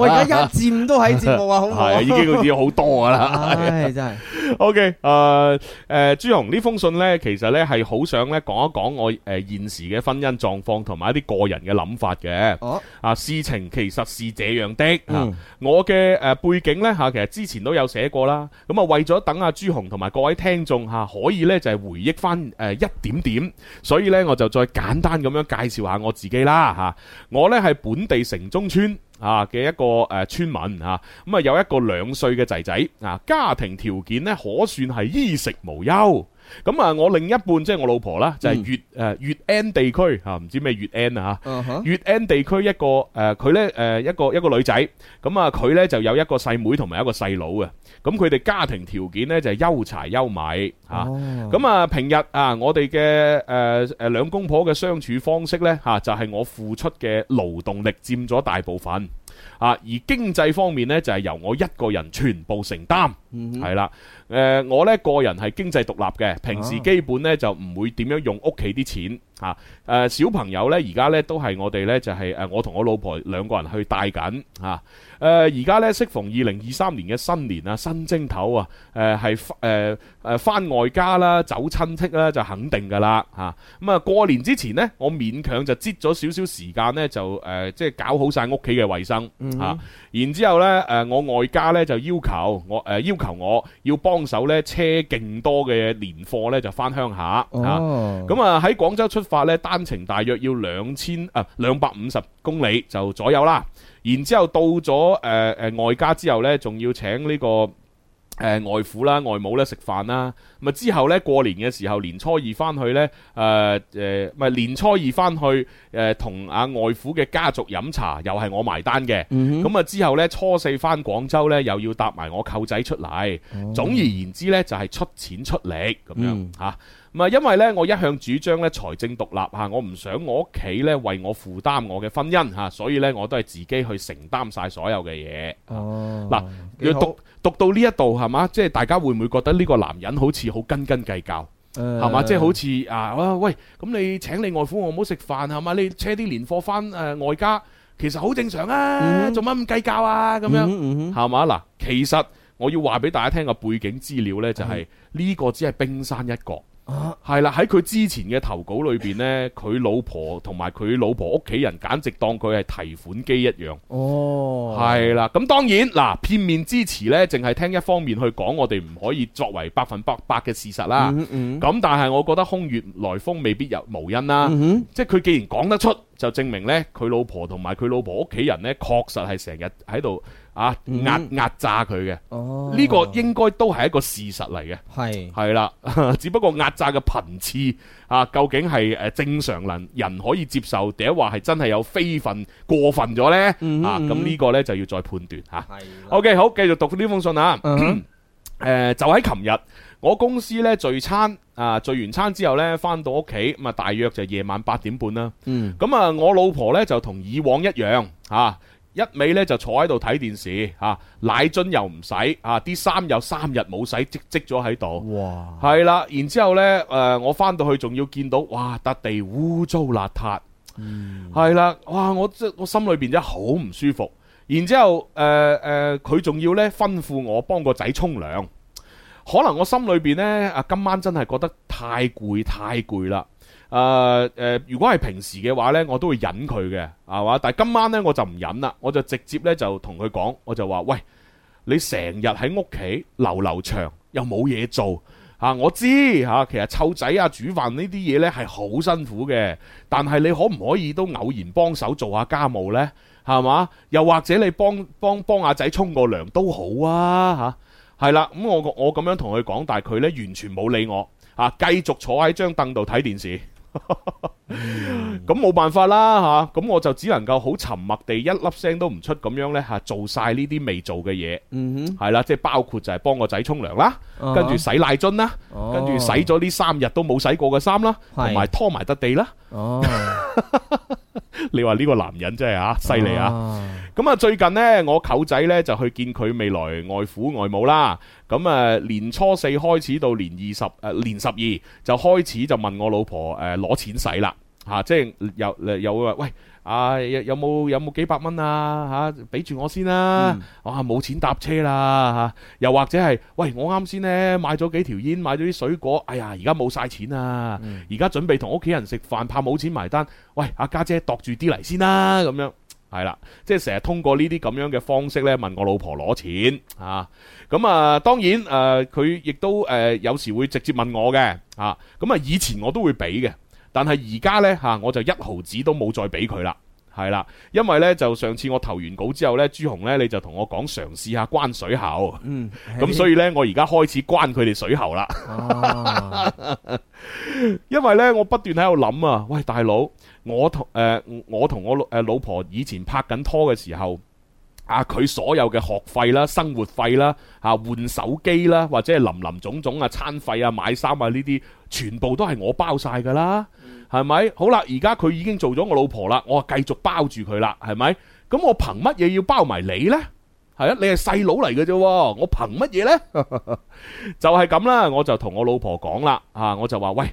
B: 我而家一占都喺節目啊，好已經好似好多噶啦。
A: 真係。OK，誒誒，朱雄呢封信咧，其實咧係好想咧講一講我誒現。時嘅婚姻狀況同埋一啲個人嘅諗法嘅，啊，啊事情其實是這樣的。啊嗯、我嘅誒、呃、背景呢，吓、啊，其實之前都有寫過啦。咁啊為咗等阿朱紅同埋各位聽眾吓、啊，可以呢就係、是、回憶翻誒、啊、一點點，所以呢，我就再簡單咁樣介紹下我自己啦吓、啊。我呢係本地城中村啊嘅一個誒、啊、村民啊，咁啊有一個兩歲嘅仔仔啊，家庭條件呢，可算係衣食無憂。咁啊，我另一半即係、就是、我老婆啦，就係、是、越誒越 N 地區吓，唔知咩越 N 啊吓，越 N 地區、啊啊 uh huh. 一個誒，佢咧誒一個一個女仔，咁啊佢咧就有一個細妹同埋一個細佬嘅，咁佢哋家庭條件咧就係、是、優柴優米吓，咁啊，oh。啊平日啊我哋嘅誒誒兩公婆嘅相處方式咧吓、啊，就係、是、我付出嘅勞動力佔咗大部分。啊！而經濟方面呢，就係、是、由我一個人全部承擔，係啦、嗯哼。誒、呃，我呢個人係經濟獨立嘅，平時基本呢就唔會點樣用屋企啲錢吓。誒、啊，小朋友呢，而家呢都係我哋呢，就係、是、誒我同我老婆兩個人去帶緊嚇。啊誒，而家咧，適逢二零二三年嘅新年啊，新蒸頭啊，誒係誒誒翻外家啦，走親戚啦，就肯定㗎啦嚇。咁啊，過年之前呢，我勉強就擠咗少少時間咧，就誒、呃、即係搞好晒屋企嘅衞生嚇、啊。然之後咧，誒我外家咧就要求我誒、呃、要求我要幫手咧車勁多嘅年貨咧就翻鄉下嚇。咁啊喺、哦啊、廣州出發咧，單程大約要兩千啊兩百五十公里就左右啦。然之後到咗誒誒外家之後呢，仲要請呢個、這個誒、呃、外父啦，外母呢食飯啦。咁啊之後呢，過年嘅時候年初二翻去呢，誒、呃、誒、唔、呃、係年初二翻去誒、呃、同阿、啊、外父嘅家族飲茶，又係我埋單嘅。咁啊之後呢，初四翻廣州呢，又要搭埋我舅仔出嚟。總而言之呢，就係、是、出錢出力咁樣吓。嗯咁啊，因為咧，我一向主張咧財政獨立吓，我唔想我屋企咧為我負擔我嘅婚姻吓，所以咧我都係自己去承擔晒所有嘅嘢。哦，嗱喏好，讀讀到呢一度係嘛，即係大家會唔會覺得呢個男人好似，嗯就是，好斤斤計較
D: 係嘛？即係好似
A: 啊，喂，咁你請你外父外母食飯係嘛？你車啲年貨翻誒外家，其實好正常啊，做乜咁計較啊？咁樣係嘛？嗱，嗯嗯，其實我要話俾大家聽嘅背景資料呢，就係呢個只係冰山一角。嗯嗯係啦，喺佢、啊、之前嘅投稿裏邊呢，佢老婆同埋佢老婆屋企人簡直當佢係提款機一樣。
E: 哦，係
A: 啦，咁當然嗱，片面之詞呢，淨係聽一方面去講，我哋唔可以作為百分百百嘅事實啦。咁、嗯嗯、但係我覺得空穴來風未必有無因啦。嗯嗯，即係佢既然講得出，就證明呢，佢老婆同埋佢老婆屋企人呢，確實係成日喺度。啊，壓壓榨佢嘅，呢個應該都係一個事實嚟嘅，係係啦，只不過壓榨嘅頻次啊，究竟係誒正常能人可以接受，定係話係真係有非分過分咗呢？啊，咁呢個呢，就要再判斷吓。係，OK 好，繼續讀呢封信啊。誒，就喺琴日，我公司呢聚餐啊，聚完餐之後呢，翻到屋企咁啊，大約就夜晚八點半啦。嗯，咁啊，我老婆呢，就同以往一樣吓。一味咧就坐喺度睇電視，吓、啊、奶樽又唔、啊、洗，吓啲衫有三日冇洗，積積咗喺度。哇！係啦，然之後咧，誒、呃，我翻到去仲要見到，哇，笪地污糟邋遢，係啦、嗯，哇，我即我心裏邊真好唔舒服。然之後，誒、呃、誒，佢、呃、仲要呢吩咐我幫個仔沖涼。可能我心裏邊呢，啊，今晚真係覺得太攰，太攰啦。誒誒、呃呃，如果係平時嘅話呢，我都會忍佢嘅，係嘛？但係今晚呢，我就唔忍啦，我就直接呢，就同佢講，我就話：喂，你成日喺屋企流流長，又冇嘢做吓、啊，我知吓、啊。其實湊仔啊、煮飯呢啲嘢呢係好辛苦嘅，但係你可唔可以都偶然幫手做下家務呢？係嘛？又或者你幫幫幫阿仔沖個涼都好啊？吓、啊，係啦。咁、嗯、我我咁樣同佢講，但係佢呢完全冇理我，吓、啊，繼續坐喺張凳度睇電視。咁冇辦法啦吓，咁我就只能夠好沉默地一粒聲都唔出咁樣呢吓，做晒呢啲未做嘅嘢，嗯哼，係啦，即係包括就係幫個仔沖涼啦，跟住洗奶樽啦，
E: 跟住洗
A: 咗呢三日都冇洗過嘅衫啦，同埋拖埋得地啦。你話呢個男人真係啊，犀利啊！咁啊，最近呢，我舅仔呢就去見佢未來外父外母啦。咁啊，年初四開始到年二十，誒，年十二就開始就問我老婆誒攞錢使啦吓，即係又又會話喂。啊有冇有冇幾百蚊啊吓俾住我先啦、啊！嗯、啊冇錢搭車啦吓、啊，又或者係喂，我啱先咧買咗幾條煙，買咗啲水果，哎呀而家冇晒錢啊！而家、嗯、準備同屋企人食飯，怕冇錢埋單，喂阿家、啊、姐度住啲嚟先啦、啊、咁樣，係啦，即係成日通過呢啲咁樣嘅方式咧問我老婆攞錢啊，咁啊，當然誒佢亦都誒有時會直接問我嘅啊，咁啊以前我都會俾嘅。但係而家呢，吓，我就一毫子都冇再俾佢啦，係啦，因為呢，就上次我投完稿之後呢，朱紅呢，你就同我講嘗試下關水喉，嗯、咁所以呢，我而家開始關佢哋水喉啦。啊、 因為呢，我不斷喺度諗啊，喂大佬，我同誒、呃、我同我誒老婆以前拍緊拖嘅時候。啊！佢所有嘅學費啦、生活費啦、啊換手機啦，或者係林林總總啊餐費啊、買衫啊呢啲，全部都係我包晒噶啦，係咪？好啦，而家佢已經做咗我老婆啦，我繼續包住佢啦，係咪？咁我憑乜嘢要包埋你呢？係啊，你係細佬嚟嘅啫，我憑乜嘢呢？ 就係咁啦，我就同我老婆講啦，啊，我就話喂，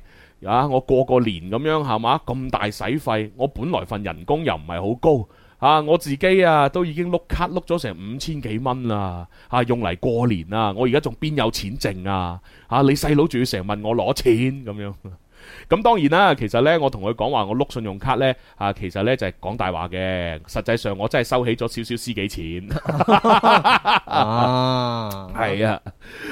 A: 啊，我過個年咁樣係嘛，咁大使費，我本來份人工又唔係好高。啊！我自己啊，都已經碌卡碌咗成五千幾蚊啦，啊，用嚟過年啦、啊，我而家仲邊有錢剩啊？弟弟啊，你細佬仲要成日問我攞錢咁樣？咁當然啦、啊，其實呢，我同佢講話，我碌信用卡呢，啊，其實呢，就係講大話嘅，實際上我真係收起咗少少私己錢。 啊，係 啊，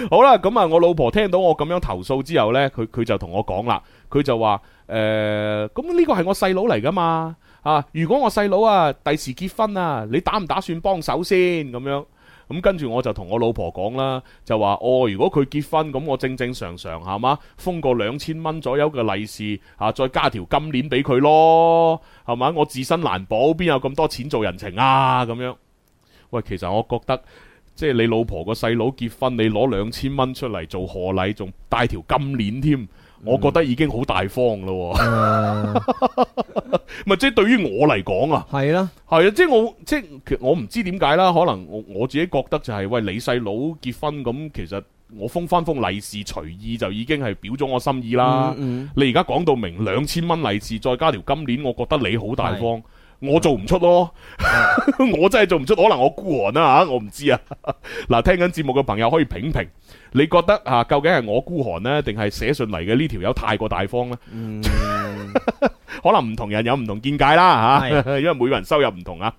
A: 好啦，咁啊，我老婆聽到我咁樣投訴之後呢，佢佢就同我講啦，佢就話，誒、呃，咁、這、呢個係我細佬嚟噶嘛。啊！如果我細佬啊第時結婚啊，你打唔打算幫手先咁樣？咁跟住我就同我老婆講啦，就話哦，如果佢結婚咁，我正正常常係嘛，封個兩千蚊左右嘅利是，吓、啊、再加條金鏈俾佢咯，係嘛？我自身難保，邊有咁多錢做人情啊？咁樣。喂，其實我覺得即係你老婆個細佬結婚，你攞兩千蚊出嚟做賀禮，仲帶條金鏈添。我覺得已經好大方咯，咪、uh, 即係對於我嚟講啊，係啊的，係啊，即係我即係我唔知點解啦，可能我我自己覺得就係、是、喂，你細佬結婚咁，其實我封翻封利是隨意就已經係表咗我心意啦。嗯嗯、你而家講到明兩千蚊利是，再加條金鏈，我覺得你好大方。我做唔出咯， 我真係做唔出，可能我孤寒啦吓，我唔知啊。嗱， 聽緊節目嘅朋友可以評評，你覺得啊，究竟係我孤寒呢？定係寫信嚟嘅呢條友太過大方呢？嗯， 可能唔同人有唔同見解啦吓，因為每個人收入唔同啊。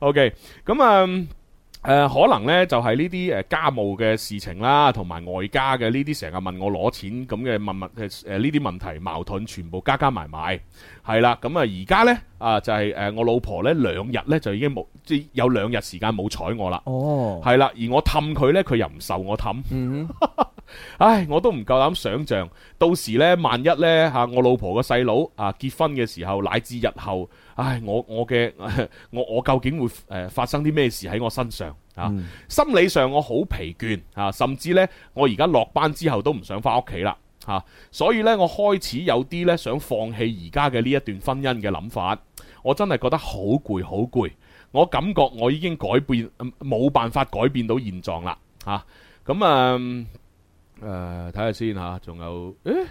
A: OK，咁、嗯、啊。誒、呃，可能呢，就係呢啲誒家務嘅事情啦，同埋外家嘅呢啲成日問我攞錢咁嘅問問誒呢啲問題矛盾，全部加加埋埋，係啦。咁啊而家呢，啊就係、是、誒、呃、我老婆呢兩日呢，就已經冇即有兩日時間冇睬我啦。哦，係啦，而我氹佢呢，佢又唔受我氹。嗯、哼 唉，我都唔夠膽想象，到時呢，萬一呢，吓、啊、我老婆個細佬啊結婚嘅時候，乃至日後。唉，我我嘅 我我究竟會誒發生啲咩事喺我身上啊？嗯、心理上我好疲倦啊，甚至呢，我而家落班之後都唔想翻屋企啦，吓、啊！所以呢，我開始有啲呢，想放棄而家嘅呢一段婚姻嘅諗法。我真係覺得好攰，好攰。我感覺我已經改變，冇、呃、辦法改變到現狀啦，吓、啊！咁啊誒，睇、呃、下先吓，仲有誒。欸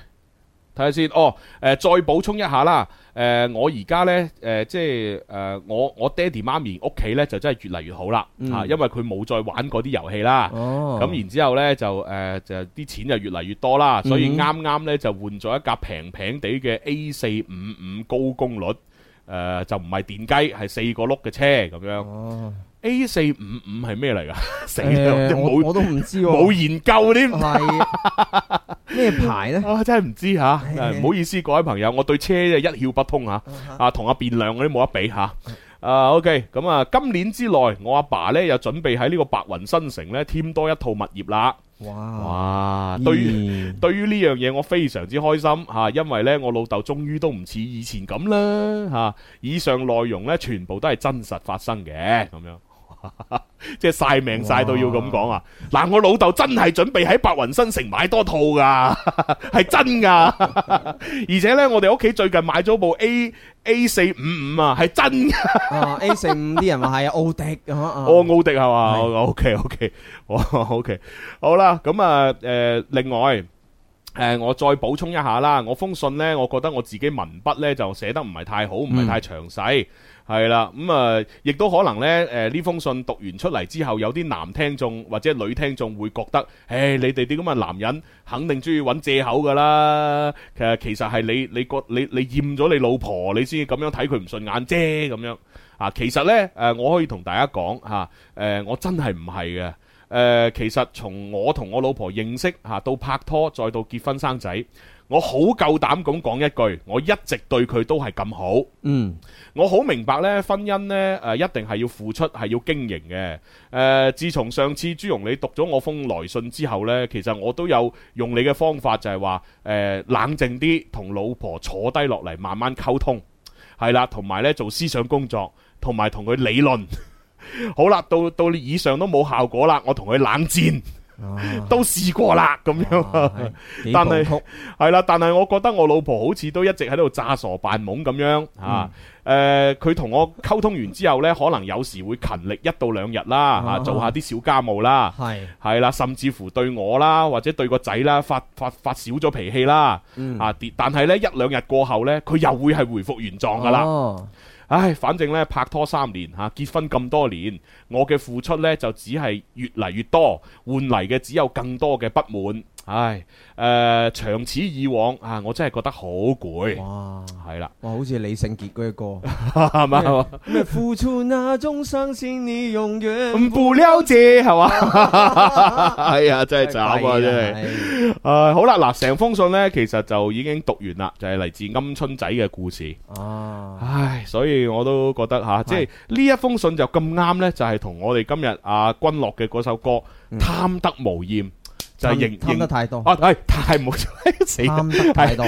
A: 睇下先哦，誒、呃、再補充一下啦，誒、呃、我而家呢，誒、呃、即係誒、呃、我我爹哋媽咪屋企呢，就真係越嚟越好啦，嚇、嗯啊，因為佢冇再玩嗰啲遊戲啦，咁、哦、然之後呢，就誒、呃、就啲錢就越嚟越多啦，所以啱啱呢，就換咗一架平平哋嘅 A 四五五高功率，誒、呃、就唔係電雞，係四個轆嘅車咁樣。哦 A 四五五係咩嚟噶？死啦！冇我都唔知，冇研究添，係咩牌咧？我真係唔知吓。唔好意思，各位朋友，我對車一竅不通吓。啊，同阿變量嗰啲冇得比吓。啊，OK，咁啊，今年之內我阿爸咧又準備喺呢個白雲新城咧添多一套物業啦。哇！哇！對於對於呢樣嘢我非常之開心吓，因為咧我老豆終於都唔似以前咁啦吓。以上內容咧全部都係真實發生嘅咁樣。 即係晒命晒到要咁講啊！嗱哇，我老豆真係準備喺白雲新城買多套噶，係 真噶的。 而且呢，我哋屋企最近買咗部 A A 四五五啊，係真、 啊。A 四五啲人話係奧迪咁、啊啊、哦，奧迪係嘛是？OK OK OK， 好啦，咁啊，誒、呃，另外，誒、呃，我再補充一下啦。我封信呢，我覺得我自己文筆呢，就寫得唔係太好，唔係太詳細。嗯係啦，咁啊、嗯呃，亦都可能呢。誒、呃、呢封信讀完出嚟之後，有啲男聽眾或者女聽眾會覺得，誒，你哋啲咁嘅男人肯定中意揾借口噶啦。其實其實係你你覺你你厭咗你老婆，你先咁樣睇佢唔順眼啫咁樣啊。其實呢，誒、呃，我可以同大家講吓，誒、啊呃，我真係唔係嘅。誒、啊，其實從我同我老婆認識吓、啊、到拍拖，再到結婚生仔。我好夠膽咁講一句，我一直對佢都係咁好。嗯，我好明白咧，婚姻咧誒，一定係要付出，係要經營嘅。誒、呃，自從上次朱容你讀咗我封來信之後咧，其實我都有用你嘅方法就，就係話誒冷靜啲，同老婆坐低落嚟慢慢溝通，係啦，同埋咧做思想工作，同埋同佢理論。 好啦，到到以上都冇效果啦，我同佢冷戰。都試過啦，咁樣，但係係啦，但係我覺得我老婆好似都一直喺度詐傻扮懵咁樣啊！誒，佢同我溝通完之後呢，可能有時會勤力一到兩日啦，吓做下啲小家務啦，係係啦，甚至乎對我啦，或者對個仔啦，發發發少咗脾氣啦，啊！但係呢，一兩日過後呢，佢又會係回復原狀噶啦。唉，反正咧，拍拖三年吓，啊，結婚咁多年，我嘅付出咧就只係越嚟越多，換嚟嘅只有更多嘅不滿。唉，誒、呃，長此以往啊，我真係覺得好攰。哇，係啦了，
B: 哇，好似李聖傑嗰個係嘛？咩付出那種傷心你永遠不、嗯、不了解係嘛？
A: 係、 哎、呀，真係慘啊，真係。誒、啊，好啦，嗱，成封信咧，其實就已經讀完啦，就係、是、嚟自鵪鶉仔嘅故事。哦、啊，唉，所以我都覺得吓、啊，即係呢是一封信就咁啱咧，就係、是、同我哋今日阿、啊、君諾嘅嗰首歌貪得無厭。t om that 就認得太多啊！係太冇錯，貪得太多，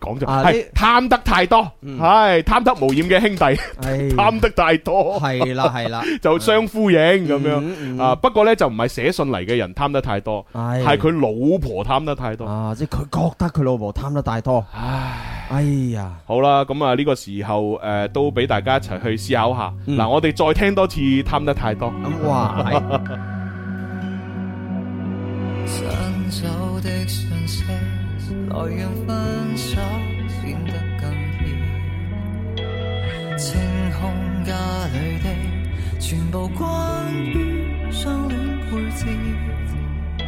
A: 講就係貪得太多，係貪得無厭嘅兄弟，貪得太多，係啦係啦，就相呼應咁樣啊！不過咧就唔係寫信嚟嘅人貪得太多，係佢老婆貪得太多啊！
B: 即係佢覺得佢老婆貪得太多，
A: 唉，哎呀，好啦，咁啊呢個時候誒都俾大家一齊去思考下嗱，我哋再聽多次貪得太多。
C: 想走的訊息，來讓分手顯得更易。清空家裏的全部關於相戀配置，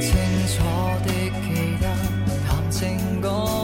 C: 清楚的記得談情歌。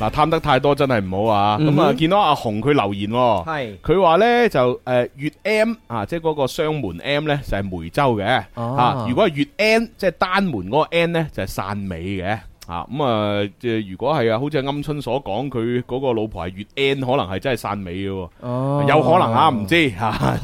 A: 嗱，貪、啊、得太多真係唔好啊！咁、mm hmm. 啊，見到阿紅佢留言喎、哦，佢話咧就誒粵、呃、M 啊，即係嗰個雙門 M 咧就係、是、梅州嘅，啊，如果係粵 N、啊、即係單門嗰個 N 咧就係、是、汕尾嘅。啊，咁啊，即係如果係啊，好似阿鵪鶉所講，佢嗰個老婆係越 n 可能係真係汕尾嘅，有可能嚇，唔知嚇，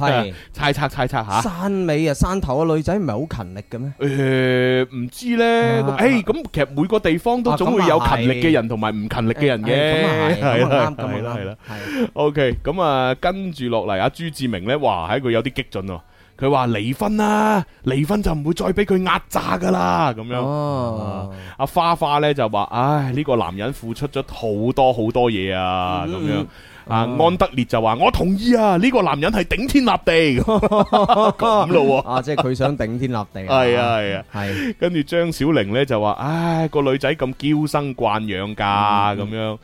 A: 猜測猜測嚇。
B: 汕尾啊，汕頭啊，女仔唔係好勤力嘅咩？
A: 誒，唔知咧，誒，咁其實每個地方都總會有勤力嘅人同埋唔勤力嘅人嘅，係啦，係啦，係 OK，咁啊，跟住落嚟啊，朱志明咧，話，喺佢有啲激進喎。佢話離婚啦、啊，離婚就唔會再俾佢壓榨噶啦，咁樣。阿、啊啊、花花呢就話，唉，呢、這個男人付出咗好多好多嘢啊，咁、嗯、樣。啊，安德烈就話我同意啊，呢個男人係頂天立地咁咯。啊，即係佢想頂天立地。係啊，係啊，係。跟住張小玲咧就話，唉，個女仔咁嬌生慣養噶咁樣。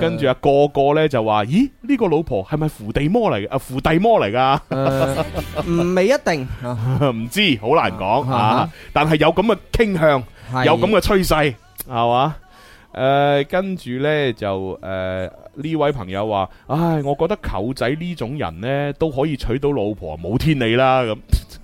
A: 跟住啊，個個咧就話，咦，呢個老婆係咪扶弟魔嚟？啊，扶弟魔嚟噶？唔未一定，唔知好難講啊。但係有咁嘅傾向，有咁嘅趨勢，係嘛？誒，跟住咧就誒。呢位朋友話，唉，我覺得舅仔呢種人咧都可以娶到老婆，冇天理啦！咁，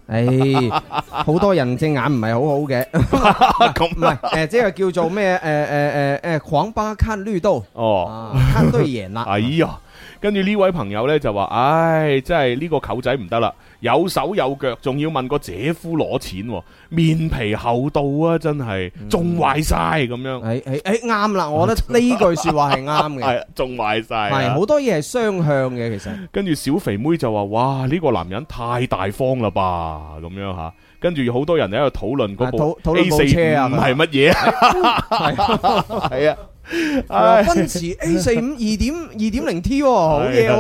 B: 唉、哎，好 多人隻眼唔係好好嘅，
A: 咁唔係，誒， 即、呃、係、就是、叫做咩？誒誒誒誒，狂巴卡綠刀哦，卡對、啊、贏啦！ 哎呀～跟住呢位朋友呢，就話，唉，真係呢個舅仔唔得啦，有手有腳，仲要問個姐夫攞錢，面皮厚到啊，真係仲壞晒咁樣。誒誒
B: 啱啦，我覺得呢句說話係
A: 啱嘅。係仲壞晒。係好多嘢係雙向嘅，其實。跟住小肥妹就話，哇，呢、這個男人太大方啦吧，咁樣吓。跟住好多人喺度討論部 A 四車啊唔係乜嘢。係啊。奔
B: 馳 A 四五二點二點零 T，好嘢。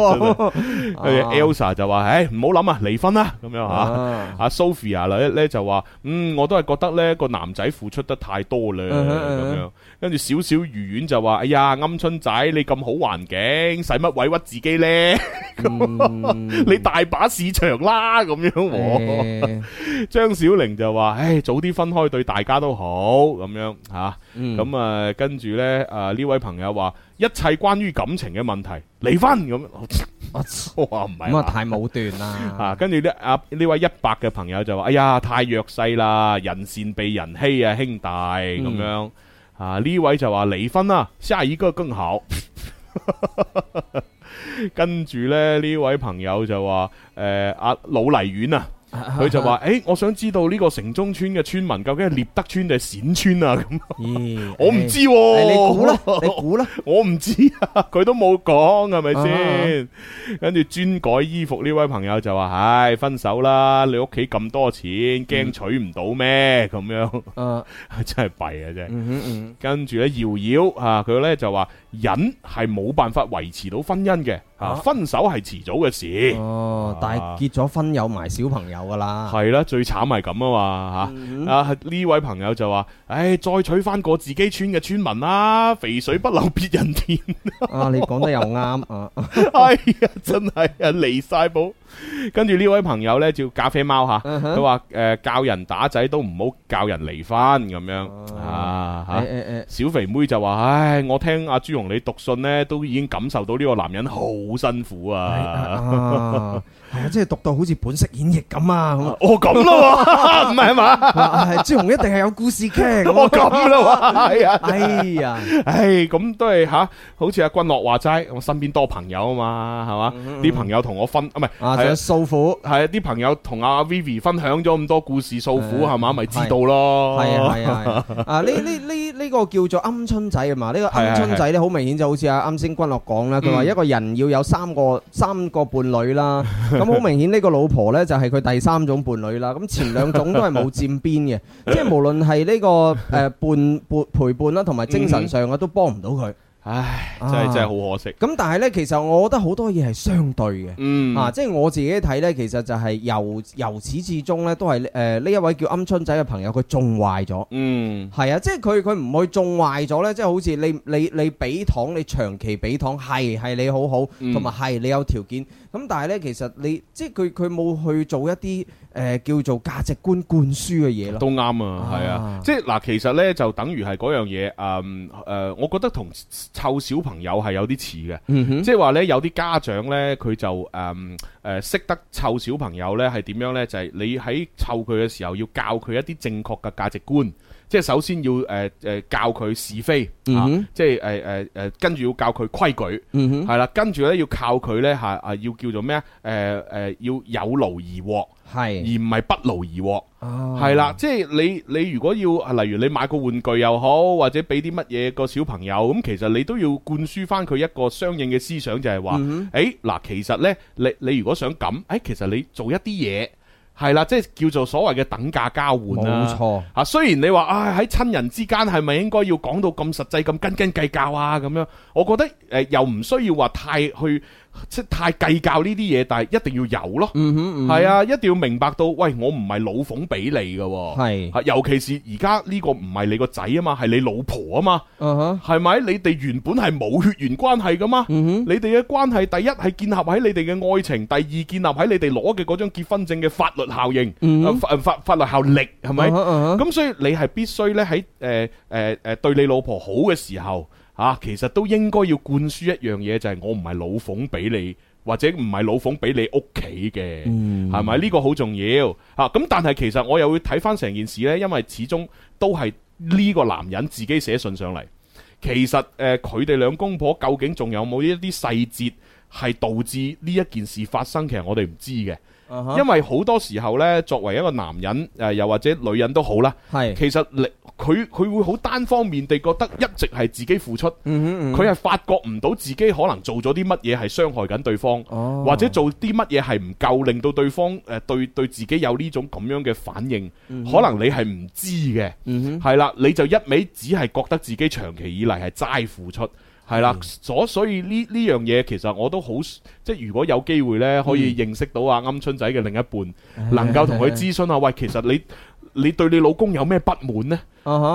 B: 跟住 Elsa
A: 就話，唉，唔好諗啊，離婚啦，咁樣吓。阿 Sophia 啦，咧就話，嗯，我都係覺得咧個男仔付出得太多啦，咁樣。跟住小小魚丸就話，哎呀，鵪鶉仔，你咁好環境，使乜委屈自己咧？你大把市場啦，咁樣。張小玲就話，唉，早啲分開對大家都好，咁樣吓。咁啊，跟住咧。啊！呢位朋友話一切關於感情嘅問題離婚咁，我話唔係咁啊，太武斷啦，啊！啊，跟住咧啊，呢位一百嘅朋友就話：哎呀，太弱勢啦，人善被人欺啊，兄弟咁樣，嗯、啊！呢位就話離婚啦，啊，下一個更好。 跟住咧，呢位朋友就話：誒、呃，阿老黎院啊！佢就話：誒、欸，我想知道呢個城中村嘅村民究竟係獵德村定係冼村啊？咁、 欸，我唔知，啊欸，你估啦，你估啦， 我唔知，佢都冇講，係咪先？跟住專改衣服呢位朋友就話：唉、哎，分手啦，你屋企咁多錢，驚娶唔到咩？咁、嗯、樣，真係弊啊啫。跟住咧，瑤瑤啊，佢咧、嗯嗯啊、就話：忍係冇辦法維持到婚姻嘅。啊！分手係遲早嘅事。哦，啊、但係結
B: 咗婚有埋小朋友噶啦。
A: 係啦、啊，最慘係咁啊嘛，吓、嗯、啊呢位朋友就話：，唉、哎，再娶翻個自己村嘅村民啦、啊，肥水不流別人田。 啊，你講得又啱、 哎、啊！係啊，真係啊，離晒譜。跟住呢位朋友呢，叫咖啡貓吓，佢話誒教人打仔都唔好教人離婚咁樣、uh huh. 啊！Uh huh. 小肥妹就話：，唉，我聽阿、啊、朱紅你讀信呢，都已經感受到呢個男人好辛苦啊。Uh huh. 係啊，即
B: 係讀到好似本色演繹咁啊！哦，咁咯，唔係啊嘛？係朱紅一定係有故事傾。哦，咁咯，係啊，係啊，唉，
A: 咁都係吓，好似阿君樂話齋，我身邊多朋友啊嘛，係嘛？啲朋友同我分啊，唔係啊，仲有訴苦，係啲朋友同阿 Vivi 分享咗咁多故事訴苦，係嘛，咪知道咯。係啊，係啊，啊，呢呢
B: 呢呢個叫做鵪鶉仔啊嘛，呢個鵪鶉仔咧好明顯就，好似阿啱先君樂講啦，佢話一個人要有三個三個伴侶啦。咁好明顯，呢個老婆呢，就係、是、佢第三種伴侶啦。咁前兩種都係冇佔邊嘅， 即係無論係呢、這個、呃、伴伴陪伴啦，同埋精神上啊，都幫唔到佢。唉，真係是、啊、真係好可惜。咁但係呢，其實我覺得好多嘢係相對嘅。嗯，啊，即係我自己睇呢，其實就係由由始至終呢，都係誒呢一位叫鵪鶉仔嘅朋友，佢縱壞咗。嗯，係啊，即係佢佢唔去縱壞咗呢。即係好似你你你俾糖，你長期俾糖，係係你好好，同埋係你有條件。咁但係呢，其實你即係佢佢冇去做一啲。誒、呃、叫做價值觀灌輸嘅嘢咯，都啱啊，係啊，
A: 即係嗱、呃，其實呢，就等於係嗰樣嘢，誒、呃、誒、呃，我覺得同湊小朋友係有啲似嘅，嗯、哼 即係話呢，有啲家長呢，佢就誒誒、呃呃、識得湊小朋友呢係點樣呢？就係、是、你喺湊佢嘅時候要教佢一啲正確嘅價值觀。即係首先要誒誒教佢是非，嚇、嗯哼！即係誒誒誒跟住要教佢規矩，嗯哼，係啦，跟住咧要靠佢咧嚇啊！要叫做咩啊？誒、呃、誒、呃、要有勞而獲，係，而唔係不勞而獲，係啦、哦。即係你你如果要例如你買個玩具又好，或者俾啲乜嘢個小朋友咁，其實你都要灌輸翻佢一個相應嘅思想，就係、是、話，誒嗱、嗯哼欸，其實咧，你你如果想咁，誒，其實你做一啲嘢。係啦，即係叫做所謂嘅等價交換冇錯，嚇，雖然你話啊，喺親人之間係咪應該要講到咁實際，咁斤斤計較啊咁樣，我覺得誒、呃、又唔需要話太去。即係太計較呢啲嘢，但係一定要有咯。係啊，一定要明白到，喂，我唔係老馮俾你嘅。係，尤其是而家呢個唔係你個仔啊嘛，係你老婆啊嘛。嗯哼，係咪？你哋原本係冇血緣關係噶嘛？嗯哼，你哋嘅關係，第一係建立喺你哋嘅愛情，第二建立喺你哋攞嘅嗰張結婚證嘅法律效應，法法律效力係咪？咁所以你係必須呢，喺誒誒誒對你老婆好嘅時候。啊，其實都應該要灌輸一樣嘢，就係、是、我唔係老馮俾你，或者唔係老馮俾你屋企嘅，係咪、嗯？呢、這個好重要嚇。咁、啊、但係其實我又會睇翻成件事呢，因為始終都係呢個男人自己寫信上嚟。其實誒，佢、呃、哋兩公婆究竟仲有冇一啲細節係導致呢一件事發生？其實我哋唔知嘅。Uh huh. 因為好多時候呢，作為一個男人誒、呃，又或者女人都好啦，是其實你佢佢會好單方面地覺得一直係自己付出，佢係、mm hmm, mm hmm. 發覺唔到自己可能做咗啲乜嘢係傷害緊對方，oh. 或者做啲乜嘢係唔夠，令到對方誒、呃、對對自己有呢種咁樣嘅反應，mm hmm. 可能你係唔知嘅，係啦、mm hmm.，你就一味只係覺得自己長期以嚟係齋付出。係啦，所所以呢呢樣嘢其實我都好，即係如果有機會呢，可以認識到阿鵪鶉仔嘅另一半，能夠同佢諮詢下，喂，其實你你對你老公有咩不滿呢？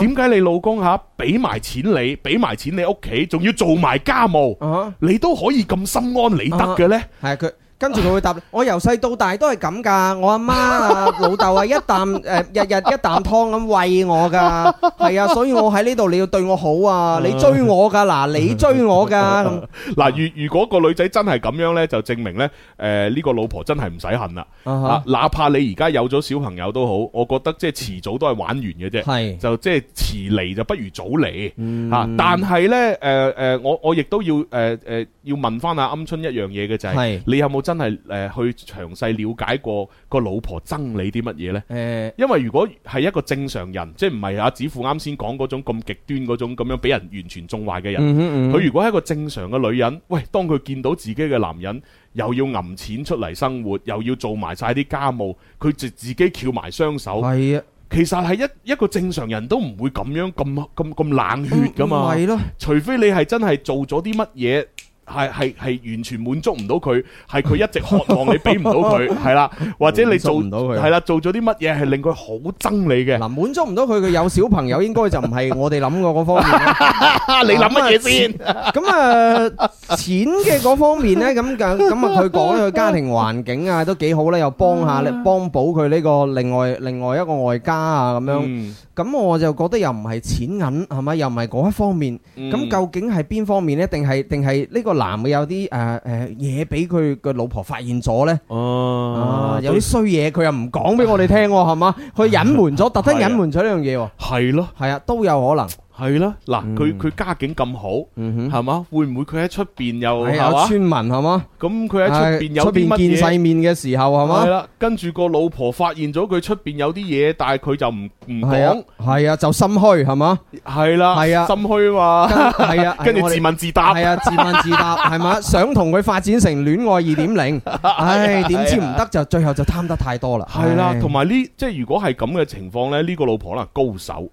A: 點解你老公吓俾埋錢你，俾埋錢你屋企，仲要做埋家務，你都可以咁心安理得嘅呢？係佢。跟住佢會答 我由細到
B: 大都係咁噶我阿媽啊老豆啊一啖誒、呃、日日一啖湯咁喂我噶係啊，所以我喺呢度你要對我好啊，你追我噶嗱你追我噶
A: 嗱如、啊、如果個女仔真係咁樣呢，就證明呢，誒、呃、呢、呢個老婆真係唔使恨啦、啊哈啊，哪怕你而家有咗小朋友都好，我覺得即係遲早都係玩完嘅啫，是就即係遲嚟，就不如早嚟，吓、嗯啊、但係呢，誒、呃、誒我我亦都要誒誒要問翻阿鵪鶉一樣嘢嘅就係、是、你有冇？真係誒、呃、去詳細了解過個老婆憎你啲乜嘢呢？呃、因為如果係一個正常人，即係唔係阿子父啱先講嗰種咁極端嗰種咁樣俾人完全縱壞嘅人，佢、嗯嗯、如果係一個正常嘅女人，喂，當佢見到自己嘅男人又要揞錢出嚟生活，又要做埋晒啲家務，佢就自己翹埋雙手。係啊，其實係一一個正常人都唔會咁樣咁咁咁冷血㗎嘛。嗯、除非你係真係做咗啲乜嘢。係係係，完全滿足唔到佢，係佢一直渴望你俾唔到佢，係啦，或者你做唔到佢係啦，做咗啲乜嘢，係令佢好憎你嘅。嗱，滿足唔到佢，佢有
B: 小朋友，應該就唔係我哋諗嘅嗰方
E: 面。你諗乜嘢先？
B: 咁啊，錢嘅嗰方面咧，咁咁咁啊，佢講咧，佢家庭環境啊都幾好咧，又幫下你幫補佢呢個另外另外一個外家啊咁樣。咁我就覺得又唔係錢銀係咪，又唔係嗰一方面。咁究竟係邊方面咧？定係定係呢個？男嘅有啲誒誒嘢，俾佢嘅老婆發現咗咧，哦，有啲衰嘢佢又唔講俾我哋聽，係嘛？佢隱瞞咗，特登隱
A: 瞞咗呢樣嘢，係咯，係啊，都有可能。係咯，嗱，佢佢家境咁好，係嘛？會唔會佢喺出邊又係村民係嘛？咁佢喺出邊有出邊見世
B: 面嘅時候係嘛？係啦，
A: 跟住個老婆發現咗佢出邊有啲嘢，但係佢就唔唔講，
B: 係啊，就心虛係嘛？
A: 係啦，係啊，心虛嘛？係啊，跟住自問自答，係啊，
B: 自問自答，係嘛？想同佢發展成戀愛二點零，唉，點知唔得就最後就貪得太多啦。係啦，同
A: 埋呢，即係如果係咁嘅情況咧，呢個老婆可能高手。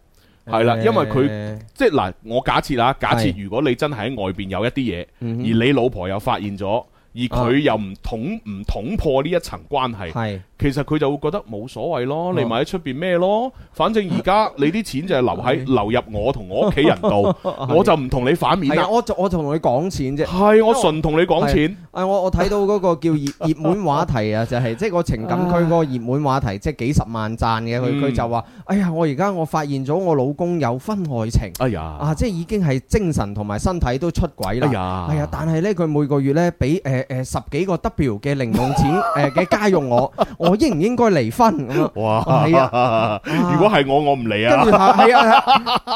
B: 係啦，因為佢
A: 即係嗱，我假設啊，假設如果你真係喺外邊有一啲嘢，的而你老婆又發現咗，而佢又唔捅唔捅破呢一層關係。其實佢就會覺得冇所謂咯，你埋喺出邊咩咯？反正而家你啲錢就係留喺流 Okay. 入我同我屋企人度、 啊，我就唔同你反面。但我
B: 我同你講錢啫。係，我，、啊、我，我純同你講錢。誒、啊，我我睇到嗰個叫熱熱門話題啊、就係， 就係即係個情感區嗰個熱門話題，即係幾十萬贊嘅佢，佢、 嗯、就話：，哎呀，我而家我發現咗我老公有婚外情，哎呀，啊，即係已經係精神同埋身體都出軌啦，哎呀，哎呀，但係咧佢每個月咧俾誒誒十幾個 W 嘅零用錢，誒嘅家用我。 我應唔應該離婚？哇！係啊，
A: 如果係我，、啊、我，我唔離啊。跟住下
B: 係啊，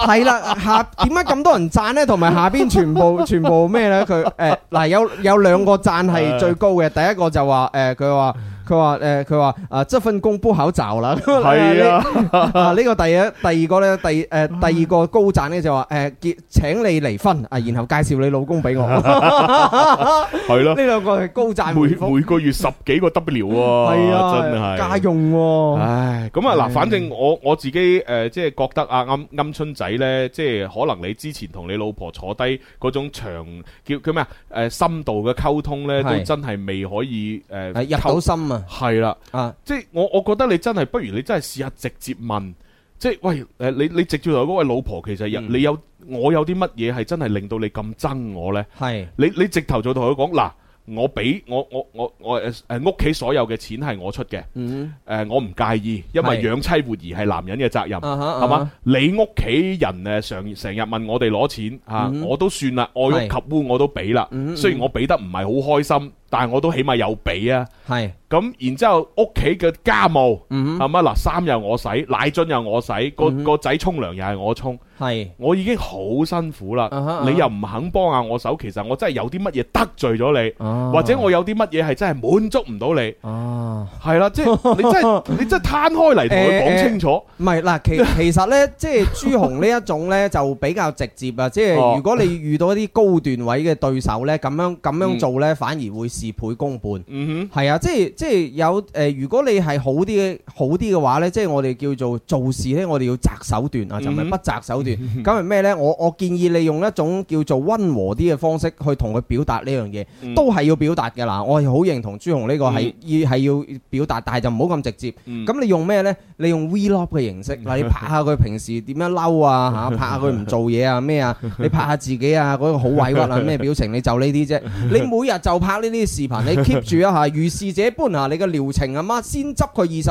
B: 係啦，下點解咁多人讚咧？同埋下邊全部全部咩咧？佢誒嗱，有有兩個讚係最高嘅，第一個就話誒，佢、欸、話。佢話誒，佢話誒，即係份工鋪口罩啦。係啊，啊，呢、啊啊啊這個第一、第二個咧，第誒、啊、第二個高讚咧就話誒、啊，結請你離婚啊，然後介紹你老公俾我。
A: 係咯、啊，呢兩個係高讚每每個月十幾個 W 喎，係啊，啊真係家
B: 用、啊。唉、哎，咁、呃、啊嗱，反正
A: 我我自己誒、呃，即係覺得啊，啱啱春仔咧，即係可能你之前同你老婆坐低嗰種長叫叫咩啊，誒深度嘅溝通咧，都真係未可以誒、嗯、入到心啊。係啦，嗯、即係我我覺得你真係不如你真係試下直接問，即係喂，誒你你直接同嗰位老婆，其實你有、嗯、我有啲乜嘢係真係令到你咁憎我呢？係你你直頭就同佢講，嗱，我俾我我我我誒屋企所有嘅錢係我出嘅，誒、嗯呃、我唔介意，因為養妻活兒係男人嘅責任，係嘛？你屋企人誒常成日問我哋攞錢吓，嗯、我都算啦，愛屋及烏我都俾啦，雖然我俾得唔係好開心。但係我都起碼有俾啊，係咁然之後屋企嘅家務，係嘛，嗱衫又我洗，奶樽又我洗，個個仔沖涼又係我沖，係，我已經好辛苦啦。你又唔肯幫下我手，其實我真係有啲乜嘢得罪咗你，或者我有啲乜嘢係真係滿足唔到你，哦，係
B: 啦，即係你真係你
A: 真係攤開嚟同佢講清楚。
B: 唔係，嗱，其其實咧，即係朱紅呢一種咧，就比較直接啊。即係如果你遇到一啲高段位嘅對手咧，咁樣咁樣做咧，反而會。事倍功半，係、嗯、哼啊，即係即係有誒、呃。如果你係好啲好啲嘅話呢，即係我哋叫做做事呢，我哋要擇手段啊，就唔係不擇手段。咁係咩呢？我我建議你用一種叫做溫和啲嘅方式去同佢表達呢樣嘢，嗯、都係要表達㗎喇。我係好認同朱紅呢個係要係要表達，但係就唔好咁直接。咁、嗯、你用咩呢？你用 Vlog 嘅形式，嗱、嗯哼，你拍下佢平時點樣嬲啊嚇，拍下佢唔做嘢啊咩啊，你拍下自己啊嗰、那個好委屈啊咩表， 表情，你就呢啲啫。你每日就拍呢啲。視頻 你 keep 住一下，如是者般啊，你個療程啊嘛，先執佢二十一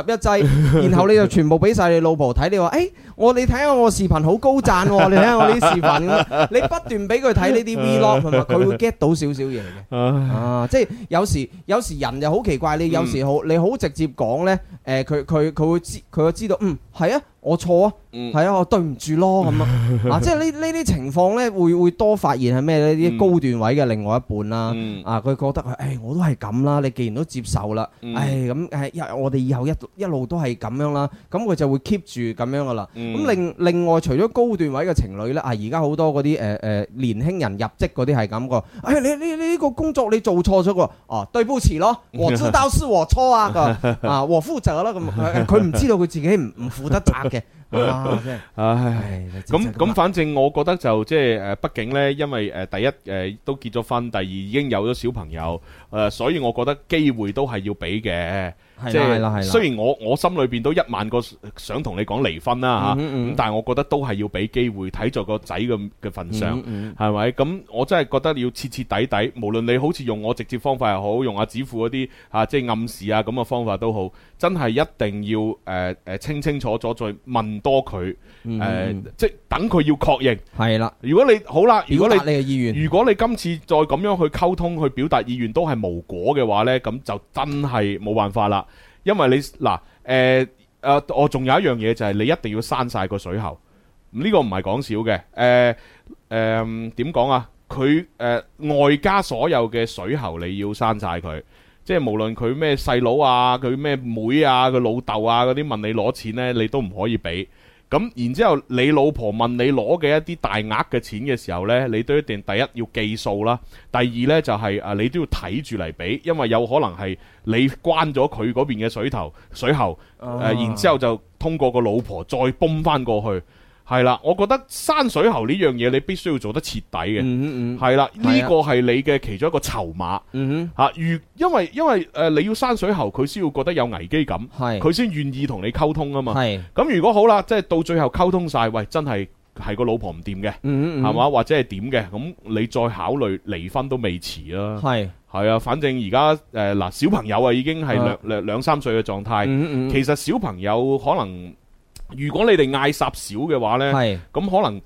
B: 劑，然後你就全部俾晒你老婆睇，你話誒、欸，我你睇下我視頻好高讚喎，你睇下我啲視頻， 你不斷俾佢睇呢啲 vlog，佢會 get 到少少嘢
E: 嘅， 啊，即
B: 係有時有時人就好奇怪，你有時好你好直接講呢，誒、呃，佢佢佢會知佢會知道，嗯，係啊。我錯啊，係啊，我對唔住咯，咁啊，啊，即係呢呢啲情況咧，會會多發現係咩呢啲高段位嘅另外一半啦，啊，佢覺得佢，唉，我都係咁啦，你既然都接受啦，唉，咁唉，我哋以後一一路都係咁樣啦，咁佢就會 keep 住咁樣噶啦。咁另另外除咗高段位嘅情侶咧，啊，而家好多嗰啲誒誒年輕人入職嗰啲係咁個，唉，你你你呢個工作你做錯咗喎，哦，對不起咯，我知道是我錯啊，啊，我負責啦咁，佢唔知道佢自己唔唔負得責。
A: 唉，咁咁，反正我覺得就即係誒，呃、畢竟呢，因為誒、呃，第一誒、呃、都結咗婚，第二已經有咗小朋友，誒、呃，所以我覺得機會都係要俾嘅。即係雖然我我心裏邊都一萬個想同你講離婚啦吓，咁、嗯嗯嗯、但係我覺得都係要俾機會睇在個仔嘅嘅份上，係咪、嗯嗯嗯？咁我真係覺得要徹徹底底，無論你好似用我直接方法又好，用阿子富嗰啲吓，即係暗示啊咁嘅方法都好，真係一定要誒誒、呃、清清楚楚再問多佢，誒、嗯嗯嗯呃、即等佢要確認。係啦，如果你好啦，如果你表達你嘅意願，如果你今次再咁樣去溝通去表達意願都係無果嘅話呢，咁就真係冇辦法啦。因為你嗱，誒，誒、呃，我、呃、仲、呃、有一樣嘢就係、是、你一定要刪晒個水喉，這個呃呃、呢個唔係講笑嘅，誒，誒點講啊？佢誒外家所有嘅水喉你要刪晒佢，即係無論佢咩細佬啊，佢咩妹，妹啊，佢老豆啊嗰啲問你攞錢呢，你都唔可以俾。咁然之後，你老婆問你攞嘅一啲大額嘅錢嘅時候呢，你都一定第一要計數啦，第二呢，就係啊，你都要睇住嚟俾，因為有可能係你關咗佢嗰邊嘅水頭水喉，誒然之後就通過個老婆再泵翻過去。係啦，我覺得山水喉呢樣嘢，你必須要做得徹底嘅。係啦，呢個係你嘅其中一個籌碼。
E: 吓、
A: 嗯哼 啊，如因為因為誒、呃，你要山水喉，佢先要覺得有危機感，佢先願意同你溝通啊嘛。咁是、啊、如果好啦，即係到最後溝通晒，喂，真係係個老婆唔掂嘅，係嘛、嗯嗯，或者係點嘅，咁你再考慮離婚都未遲啦。係係、嗯、哼 啊，反正而家誒嗱，小朋友啊已經係兩兩兩三歲嘅狀態，嗯、狀態其實小朋友可能。如果你哋嗌霎少嘅話呢，咁是可能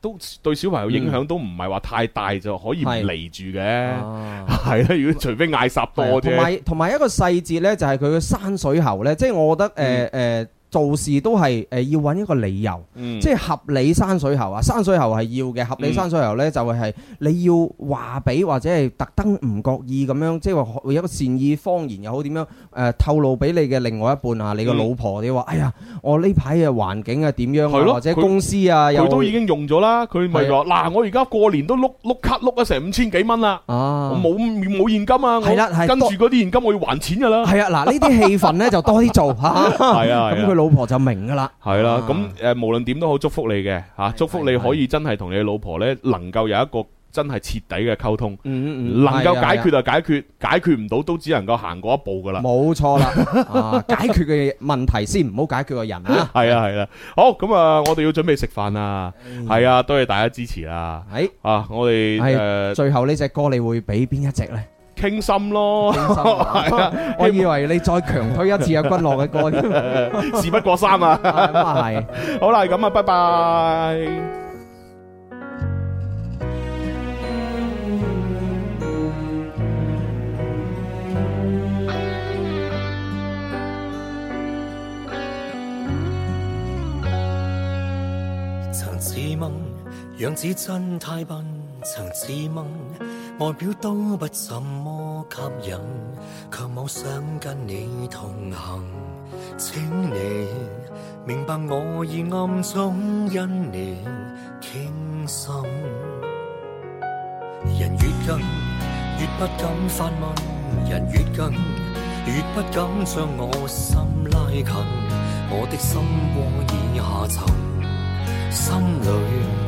A: 都對小朋友影響都唔係話太大，嗯、就可以嚟住嘅，係啦、啊。如果除非嗌霎多添。同埋
B: 同埋一個細節呢，就係佢嘅山水喉呢。即、就、係、是、我覺得誒誒。嗯呃做事都係誒要揾一個理由，即係合理山水喉啊！山水喉係要嘅，合理山水喉咧就會係你要話俾或者係特登唔覺意咁樣，即係話有一個善意謊言又好點樣誒透露俾你嘅另外一半啊，你個老婆你話：哎呀，我呢排嘅環境啊點樣啊，或者公司
A: 啊又佢都已經用咗啦，佢咪話嗱我而家過年都碌碌卡碌咗成五千幾蚊啦，我冇冇現金啊，跟住嗰啲現金我要還錢㗎啦。係啊，嗱呢啲戲
B: 份咧就多啲做嚇。係啊。老婆就明噶啦，係啦、啊，咁
A: 誒、啊，無論點都好，祝福你嘅吓，是是是祝福你可以真係同你老婆咧，是是是能夠有一個真係徹底嘅溝通，
B: 嗯，嗯，嗯、能夠解決就
A: 解決，是是是解決唔到都只能夠行過一步噶啦，
B: 冇錯啦，
A: 啊，解決嘅問題先，唔好解決個人啊，係啊係啦、啊啊，好咁啊、嗯，我哋要準備食飯啦，係啊，多謝大家支持啦，係啊，我哋誒，最後
B: 呢隻歌你會俾邊一隻呢？
A: 傾心咯心、啊， 我以為你再強
B: 推一次啊，骨樂嘅歌，事不過三啊，咁啊係。
A: 好啦，咁啊，拜拜。
F: 曾 自問，樣子真太笨。曾自問外表都不怎麼吸引，卻妄想跟你同行。請你明白我已暗中因你傾心。人越近越不敢發問，人越近越不敢將我心拉近。我的心窩已下沉，心裏。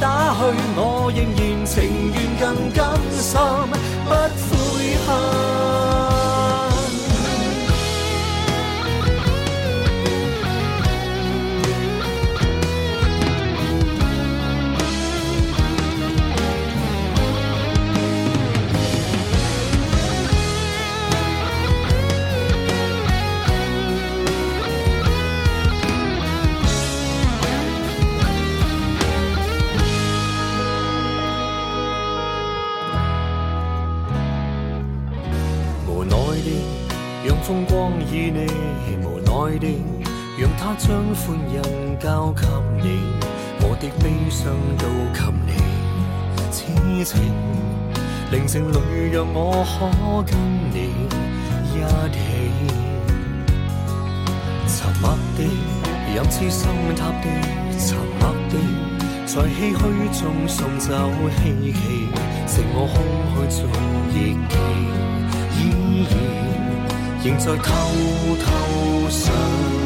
F: 打去，我仍然情願更甘心，不悔恨。將歡欣交給你，我的悲傷都給你，此情寧靜裏讓我可跟你一起。沉默地，讓痴心塌地，沉默地，在唏噓中送走希冀，剩我空虛中憶記依然仍在偷偷想。